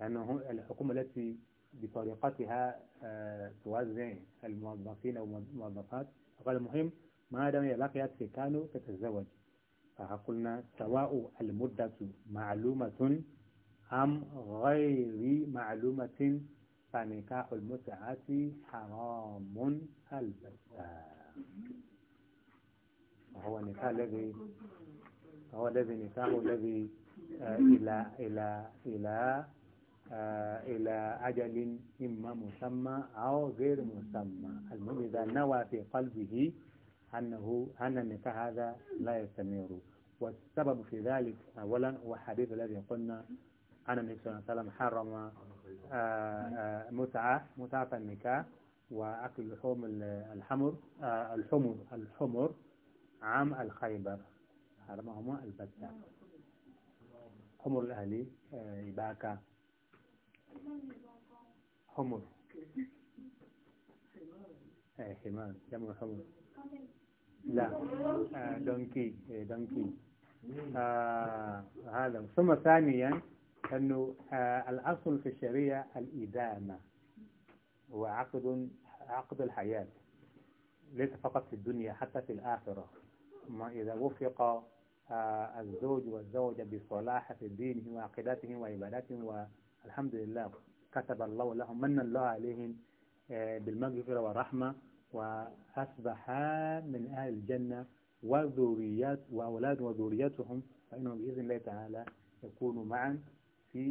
S1: لأنه يعني الحكومة التي بطريقتها آه، توزع الموظفين أو الموظفات فقال المهم ما دام هي لقيت في كانو تتزوج فقلنا سواء المدة معلومة أم غير معلومة فنكاح المتعة حرام البتة وهو نكاح الذي فهو الذي نفاه الذي آه، إلى إلى إلى آه، إلى أجل إما مسمى أو غير مسمى المهم إذا نوى في قلبه أنه أن النكاح هذا لا يستمر والسبب في ذلك أولا هو حديث الذي قلنا أن النبي صلى الله عليه وسلم حرم آه، متعة متعة النكاح وأكل لحوم الحمر الحمر الحمر عام الخيبر حرمهما البتة حمر الأهلي إباكا آه، حمر آه، حمار جمع حمر
S2: لا آه،
S1: دونكي دونكي هذا ثم ثانيا أنه الأصل في الشريعة الإدامة وعقد عقد الحياة ليس فقط في الدنيا حتى في الآخرة ما إذا وفق الزوج والزوجة بصلاح في دينهم وعقيدتهم وعباداتهم والحمد لله كتب الله لهم من الله عليهم آه، بالمغفرة والرحمة وأصبحا من أهل الجنة وذريات وأولاد وذريتهم فإنهم بإذن الله تعالى يكونوا معا في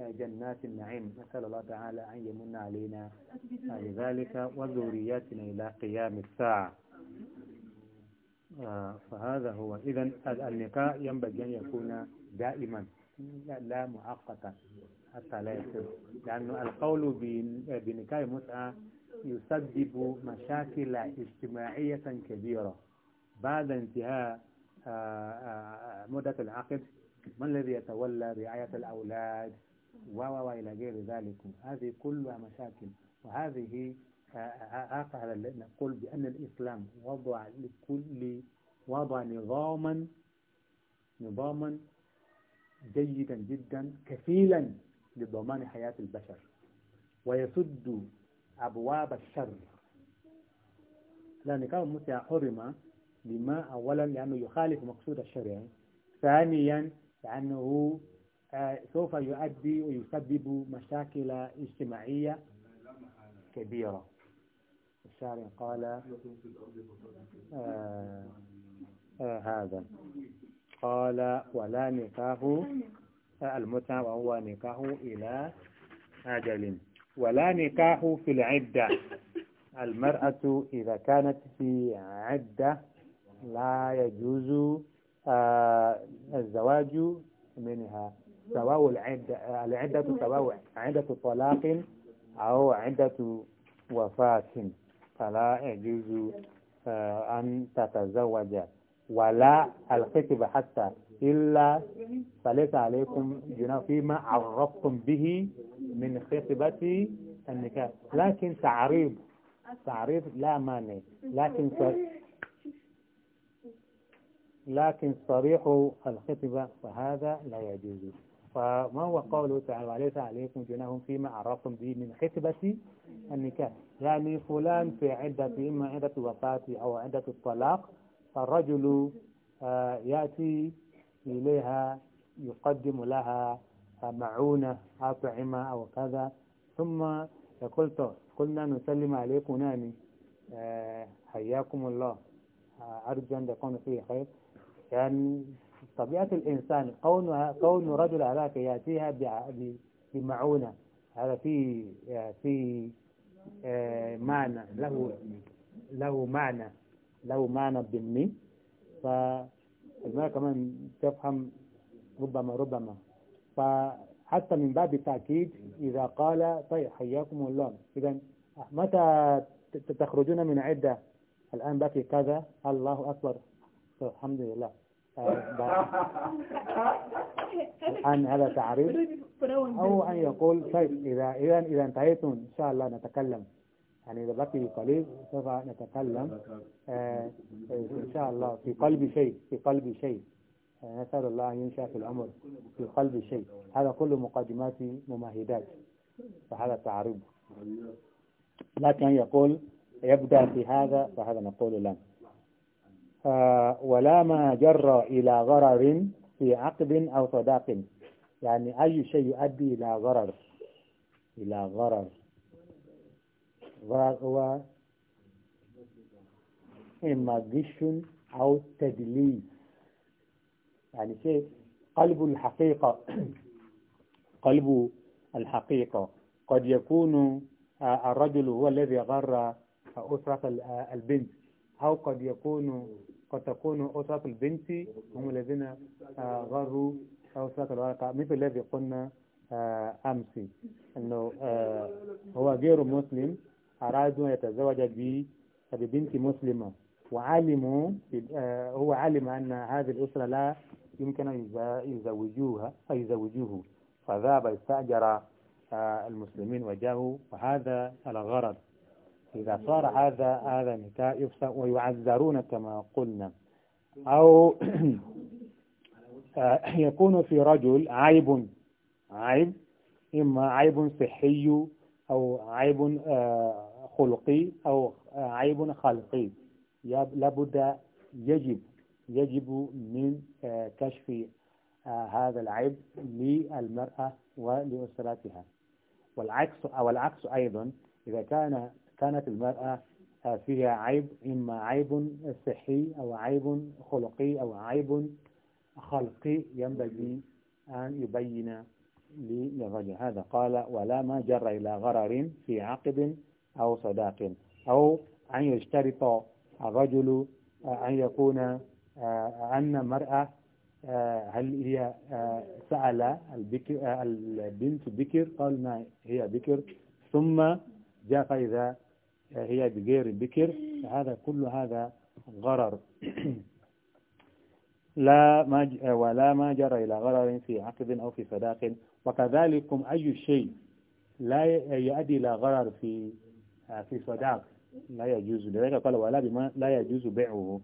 S1: آه، جنات النعيم نسأل الله تعالى أن يمن علينا لذلك وذرياتنا إلى قيام الساعة آه، فهذا هو إذا اللقاء ينبغي أن يكون دائما لا مؤقتا حتى لا يصير لأن القول بنكاح متعة يسبب مشاكل اجتماعية كبيرة بعد انتهاء آه، آه، مدة العقد من الذي يتولى رعاية الأولاد و إلى غير ذلك هذه كلها مشاكل وهذه هذا نقول بأن الإسلام وضع لكل وضع نظاما نظاما جيدا جدا كفيلا لضمان حياة البشر ويسد أبواب الشر لأن كان موسى حرم لما أولا لأنه يخالف مقصود الشرع ثانيا لأنه آه، سوف يؤدي ويسبب مشاكل اجتماعية كبيرة الشاعر قال آه آه هذا قال ولا نكاه المتع وهو نكاه إلى أجل ولا نكاه في العدة المرأة إذا كانت في عدة لا يجوز آه الزواج منها سواء العدة العدة سواء عدة طلاق أو عدة وفاة فلا يجوز آه، أن تتزوج ولا الخطب حتى إلا فليس عليكم جناح فيما عرفتم به من خطبة النكاح لكن تعريض تعريض لا مانع لكن لكن صريح الخطبة فهذا لا يجوز فما هو قوله تعالى وليس عليكم جناهم فيما عرفتم به من خطبة النكاح يعني فلان في عدة إما عدة وفاة أو عدة الطلاق فالرجل آه، يأتي إليها يقدم لها آه، معونة أطعمة أو كذا ثم يقول قلنا نسلم عليكم ناني يعني، آه، حياكم الله أرجو أن تكونوا فيه خير يعني طبيعة الإنسان كونها كون رجل هذاك يأتيها بمعونة هذا في في آه، معنى له له معنى له معنى ضمني فالمرأة كمان تفهم ربما ربما فحتى من باب التأكيد إذا قال طيب حياكم الله إذا متى تخرجون من عدة الآن باقي كذا الله أكبر الحمد لله طيب،
S2: عن هذا تعريف أو أن يقول
S1: طيب إذا إذا إذا انتهيتم إن شاء الله نتكلم يعني إذا بقي قليل سوف نتكلم آه إن شاء الله في قلب شيء في قلب شيء آه، نسأل الله أن ينشأ في الأمر في قلب شيء هذا كل مقدمات ممهدات فهذا تعريف لكن يقول يبدأ في هذا فهذا نقول له آه، ولا ما جر إلى غرر في عقد أو صداق يعني أي شيء يؤدي إلى غرر إلى غرر غرر هو إما غش أو تدليس يعني شيء قلب الحقيقة قلب الحقيقة قد يكون آه، الرجل هو الذي غر أسرة آه، البنت أو قد يكون قد تكون أسرة البنت هم الذين آه، غروا أسرة الورقة مثل الذي قلنا آه، أمس أنه آه، هو غير مسلم أرادوا أن يتزوج ببنت مسلمة وعلموا هو علم أن هذه الأسرة لا يمكن أن يزوجوها أو يزوجوه فذهب استأجر المسلمين وجاءوا وهذا الغرض إذا صار هذا هذا النكاح يفسق ويعذرون كما قلنا أو آه، يكون في رجل عيب عيب إما عيب صحي أو عيب آه، خلقي أو عيب خلقي لابد يجب يجب من آه، كشف هذا العيب للمرأة ولأسرتها والعكس أو العكس أيضا إذا كان كانت المرأة آه، فيها عيب إما عيب صحي أو عيب خلقي أو عيب خلقي ينبغي أن يبين للرجل هذا قال ولا ما جر إلى غرر في عقد أو صداق أو أن يشترط الرجل آه، أن يكون آه، أن مرأة هل هي سأل البكر البنت بكر قال ما هي بكر ثم جاء فإذا هي بغير ذكر هذا كل هذا غرر لا ما ولا ما جرى إلى غرر في عقد أو في صداق وكذلك أي شيء لا يؤدي إلى غرر في في صداق لا يجوز لذلك قال ولا بما لا يجوز بيعه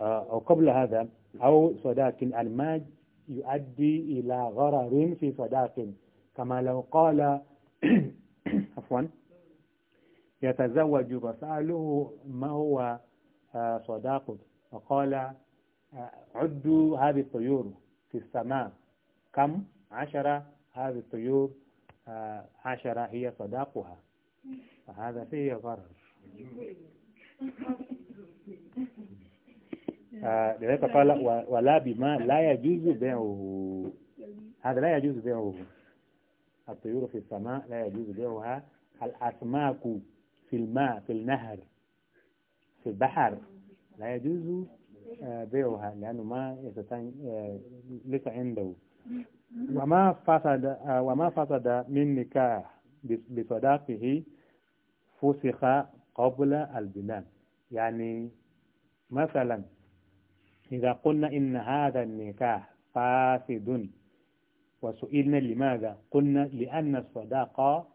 S1: آه، أو قبل هذا أو صداق الماج يؤدي إلى غرر في صداق كما لو قال عفوا يتزوج فسألوه ما هو آه، صداقه فقال آه، عدوا هذه الطيور في السماء كم عشرة هذه الطيور آه، عشرة هي صداقها فهذا فيه ضرر لذلك قال ولا بما لا يجوز بيعه هذا لا يجوز بيعه الطيور في السماء لا يجوز بيعها الأسماك في الماء في النهر في البحر لا يجوز آه، بيعها لأنه ما يستطيع آه، ليس عنده وما فسد آه، وما فسد من نكاح بصداقه فسخ قبل البناء يعني مثلا إذا قلنا إن هذا النكاح فاسد وسئلنا لماذا قلنا لأن الصداقة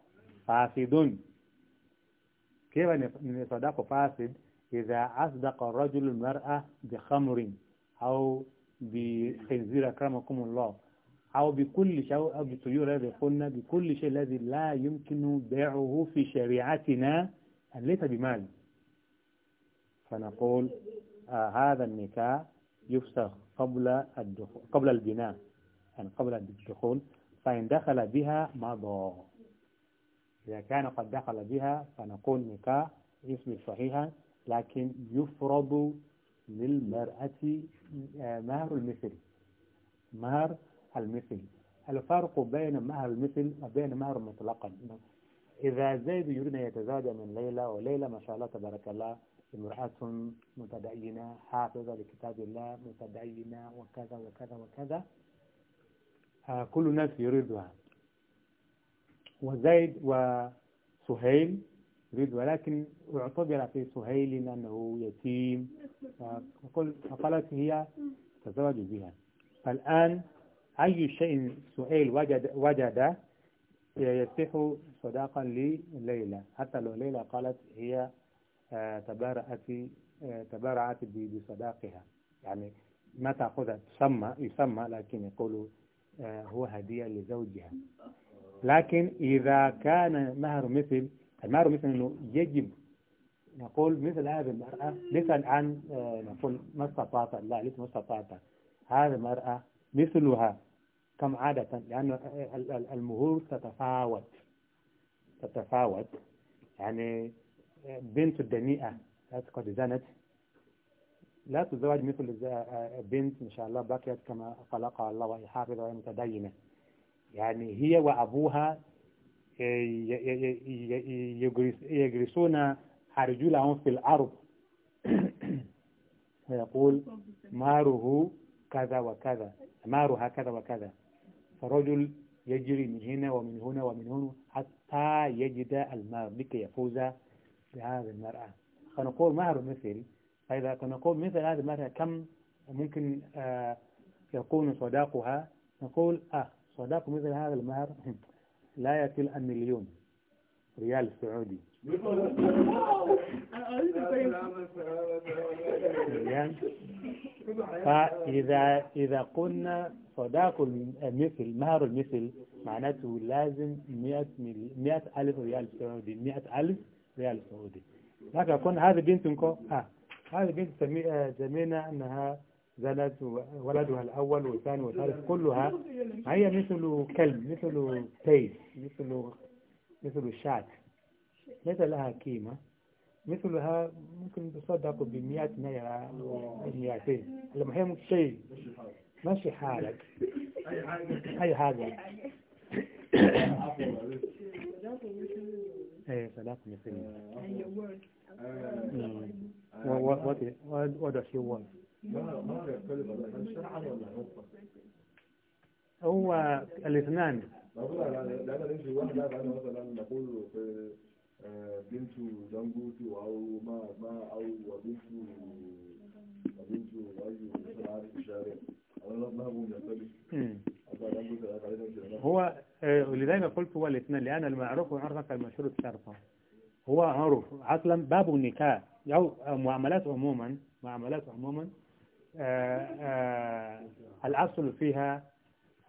S1: فاسد كيف صداق فاسد إذا أصدق الرجل المرأة بخمر أو بخنزير أكرمكم الله أو بكل شيء أو بالطيور الذي قلنا بكل شيء الذي لا يمكن بيعه في شريعتنا أن ليس بمال فنقول آه هذا النكاح يفسخ قبل الدخول قبل البناء يعني قبل الدخول فإن دخل بها مضى إذا كان قد دخل بها فنقول نكاح اسم صحيحا لكن يفرض للمرأة آه، مهر المثل مهر المثل الفرق بين مهر المثل وبين مهر مطلقا إذا زيد يريد أن يتزوج من ليلى وليلى ما شاء الله تبارك الله امرأة متدينة حافظة لكتاب الله متدينة وكذا وكذا وكذا آه، كل الناس يريدها وزيد وسهيل يريد ولكن اعتبر في سهيل أنه يتيم فقالت هي تزوج بها فالآن أي شيء سهيل وجد, وجد يصح صداقا لليلى حتى لو ليلى قالت هي آه، تبرأت آه، تبرعت بصداقها يعني ما تاخذها تسمى يسمى لكن يقول آه، هو هدية لزوجها لكن إذا كان مهر مثل المهر مثل أنه يجب نقول مثل هذه المرأة ليس الآن آه، نقول ما استطعت لا ليس ما استطعت هذه المرأة مثلها كم عادة لأن المهور تتفاوت تتفاوت يعني آه، بنت الدنيئة قد زنت لا تزوج مثل آه، بنت إن شاء الله بكيت كما خلقها الله وهي حافظة ومتدينة يعني هي وأبوها آه، يجلسون أرجلهم في الأرض فيقول ماره كذا وكذا مارها كذا وكذا فرجل يجري من هنا ومن هنا ومن هنا حتى يجد المار لكي يفوز بهذه المرأة فنقول مهر مثل فإذا نقول مثل هذه المرأة كم ممكن آه، يكون صداقها نقول آه صداق مثل هذا المهر لا يكل عن مليون ريال سعودي
S2: فإذا
S1: إذا قلنا صداق المثل مهر المثل معناته لازم 100 100 ألف ريال سعودي 100 ألف ريال سعودي لكن كون هذه بنت آه هذه آه، بنت سمينا أنها زلت ولدها الأول والثاني والثالث كلها هي مثل كلب مثل تيس مثل مثل الشات ليس لها قيمة مثلها ممكن تصدق بمئة نيرة مئتين المهم شيء ماشي حالك أي حاجة إيه، أي صداق مثلية What, what, what, what does she want? هو الاثنان
S2: آه، بنت أو ما ما أو وبنت وبنت هو
S1: لذلك آه، قلت هو الاثنان لأن المعروف والعرف كالمشهور الشرطة هو عرف عقلا باب النكاح أو معاملات عموما معاملات عموما آه، آه، الأصل فيها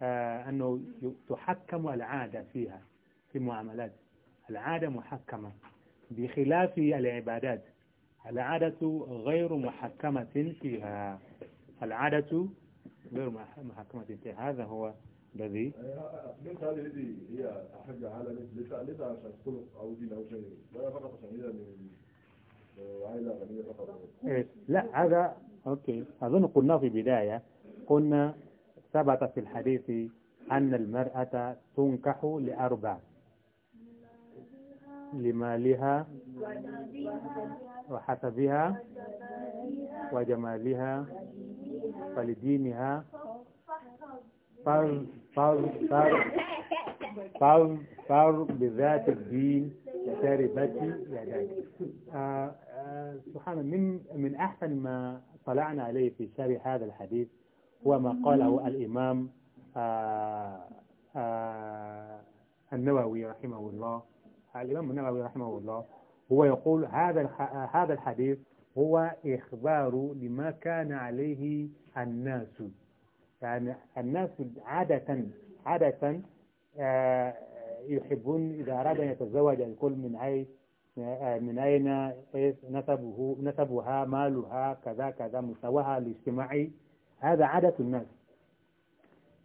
S1: آه، أنه تحكم العادة فيها في المعاملات العادة محكمة بخلاف العبادات العادة غير محكمة فيها العادة غير محكمة فيها هذا هو الذي
S2: بنت هذه هي حاجة على ليس ليس عشان خلق أو دين أو شيء لا فقط عشان هي من عائلة غنية فقط
S1: إيه، لا هذا أوكي أظن قلنا في بداية قلنا ثبت في الحديث أن المرأة تنكح لأربع
S2: لمالها وحسبها وجمالها ولدينها
S1: فر فر فر فر فر بذات الدين شاربتي يا آه آه سبحان من من أحسن ما اطلعنا عليه في شرح هذا الحديث هو ما قاله الإمام آه، آه، النووي رحمه الله الإمام النووي رحمه الله هو يقول هذا هذا الحديث هو إخبار لما كان عليه الناس يعني الناس عادة عادة آه، يحبون إذا أراد أن يتزوج الكل من حيث من أين نسبه نسبها مالها كذا كذا مستواها الاجتماعي هذا عادة الناس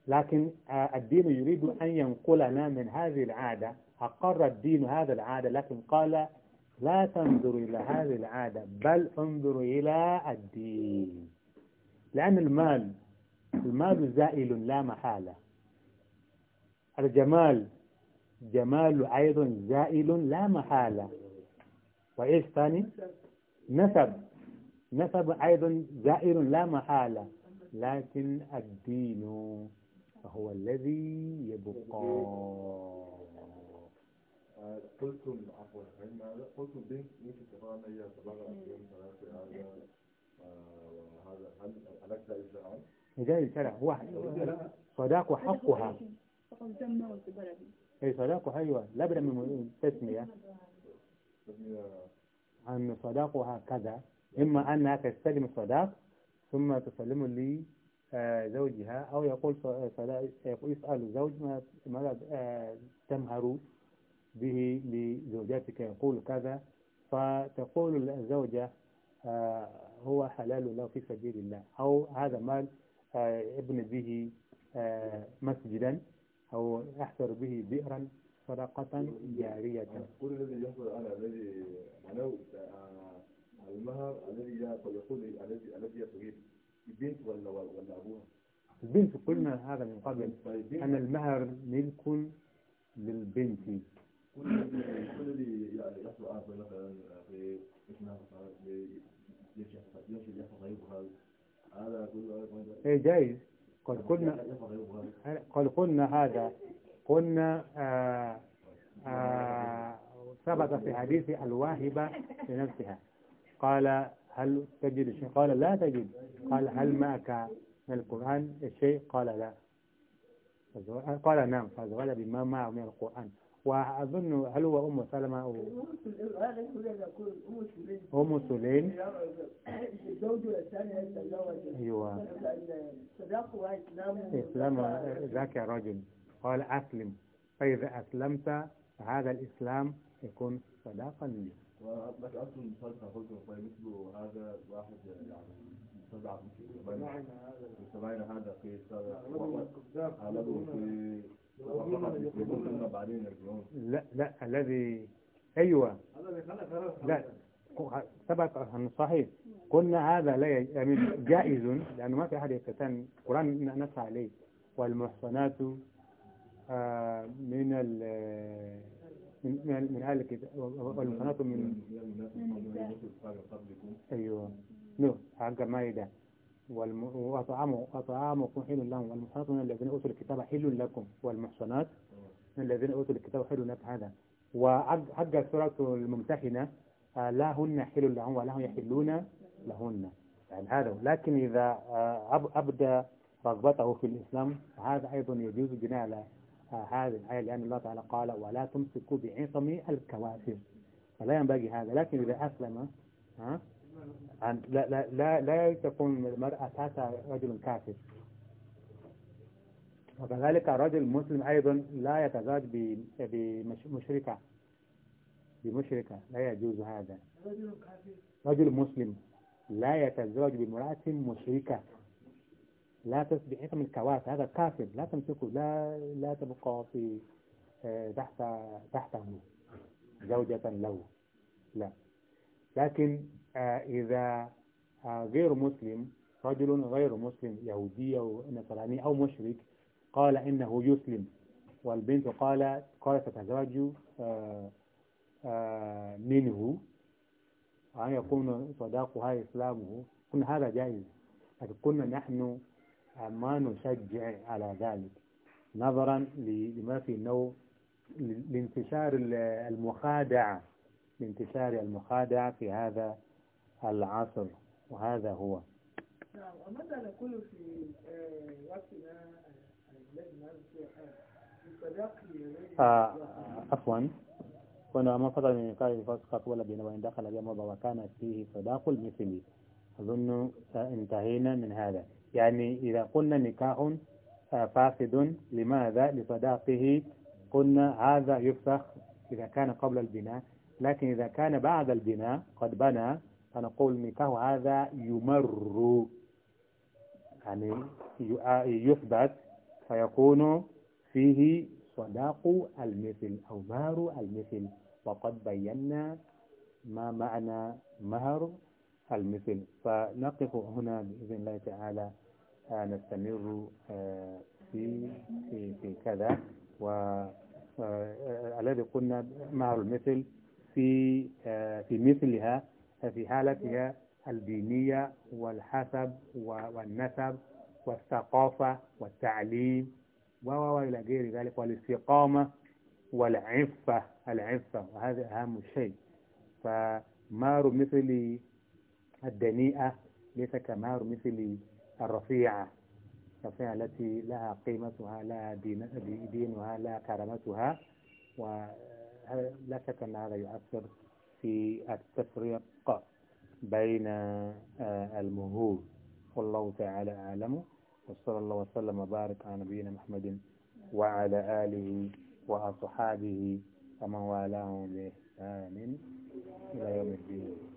S1: لكن آه، الدين يريد أن ينقلنا من هذه العادة أقر الدين هذا العادة لكن قال لا تنظر إلى هذه العادة بل انظر إلى الدين لأن المال المال زائل لا محالة الجمال جمال أيضا زائل لا محالة وإيش ثاني نسب نسب أيضا زائر لا محالة لكن الدين هو الذي يبقى
S2: قلتم عفوا يعني قلتم بنت مش تقرأنا هي تبغى يوم ثلاثة هذا وهذا هل هلك جائز شرعا؟
S1: الشرع شرعا هو صداق وحقها. إيه، صداق ايوه لابد من تسمية أن صداقها كذا إما أنها تستلم الصداق ثم تسلمه آه، لزوجها أو يقول يسأل زوج ماذا آه، تمهر به لزوجتك يقول كذا فتقول الزوجة آه، هو حلال له في سبيل الله أو هذا مال ابن به مسجدا أو أحفر به بئرا صدقة جارية
S2: كل الذي يحصل على الذي معناه آه، المهر الذي يقول الذي الذي يصغير البنت ولا ولا أبوها
S1: البنت قلنا هذا من قبل طيب، طيب، أن المهر ملك للبنت
S2: كل الذي يحصل على مثلا في اسمها ايه جايز
S1: قد قلنا قد قلنا هذا قلنا آه، آه، ثبت في حديث الواهبة لنفسها قال هل تجد شيء قال لا تجد قال هل معك من القرآن شيء قال لا قال نعم فزوال بما معه من القرآن وأظن هل هو أم سلمة أو
S2: أم سليم زوجها الثاني أيوه إسلام ذاك
S1: رجل قال أسلم فإذا أسلمت فهذا الإسلام يكون صداقا لي وأصلك أصل مثال قلت طيب مثل هذا واحد يعني سمعنا
S2: هذا في قلبه
S1: في لا لا الذي أيوة لا سبق صحيح قلنا هذا لا يعني جائز لأنه ما في أحد يتتن القرآن نص عليه والمحصنات آه، من ال من من اهل الكتاب والمنافق من ايوه نو حق مايده وأطعامكم حل لهم والمحصنات من الذين أوتوا الكتاب حل لكم والمحصنات من الذين أوتوا الكتاب حل لكم هذا وحق السورة الممتحنة آه، لا هن حل لهم ولا هم يحلون لهن يعني هذا لكن إذا آه، أبدى رغبته في الإسلام هذا أيضا يجوز بناء على هذه الآية لأن الله تعالى قال ولا تمسكوا بعصم الكوافر فلا ينبغي هذا لكن إذا أسلم ها لا لا لا, لا تكون المرأة تاتا رجل كافر وكذلك الرجل المسلم أيضا لا يتزوج بمشركة بمشركة لا يجوز هذا رجل مسلم لا يتزوج بامرأة مشركة لا تصبح من الكوارث هذا كافر لا تمسكه لا لا تبقى في آه، تحت تحته زوجة له لا لكن آه، إذا آه، غير مسلم رجل غير مسلم يهودي أو نصراني أو مشرك قال إنه يسلم والبنت قال قالت تتزوج منه أن يكون صداقها إسلامه كن هذا جائز لكن كنا نحن ما نشجع على ذلك نظرا لما في نوع لانتشار المخادعة لانتشار المخادعة في هذا العصر وهذا هو
S2: نعم وماذا نقول في آه، وقتنا آه، آه،
S1: عفوا كنا ما فضل من نكاح فسقط ولا بين وإن دخل جمع وكان فيه صداق المثل أظن انتهينا من هذا يعني إذا قلنا نكاح آه، فاسد لماذا لصداقه قلنا هذا يفسخ إذا كان قبل البناء لكن إذا كان بعد البناء قد بنى فنقول نكاح هذا يمر يعني آه، يثبت فيكون فيه صداق المثل أو مهر المثل وقد بينا ما معنى مهر المثل فنقف هنا بإذن الله تعالى آه، نستمر آه، في في في كذا و آه، الذي قلنا مهر المثل في في مثلها في حالتها الدينية والحسب والنسب والثقافة والتعليم وإلى غير ذلك والاستقامة والعفة العفة وهذا أهم شيء فمار مثل الدنيئة ليس كمار مثل الرفيعة الرفيعة التي لها قيمتها لها دينها لها كرامتها ولا شك أن هذا يؤثر في التفريق بين آه، المهور والله تعالى أعلم وصلى الله وسلم وبارك على نبينا محمد وعلى آله وأصحابه ومن والاهم بإحسان إلى يوم الدين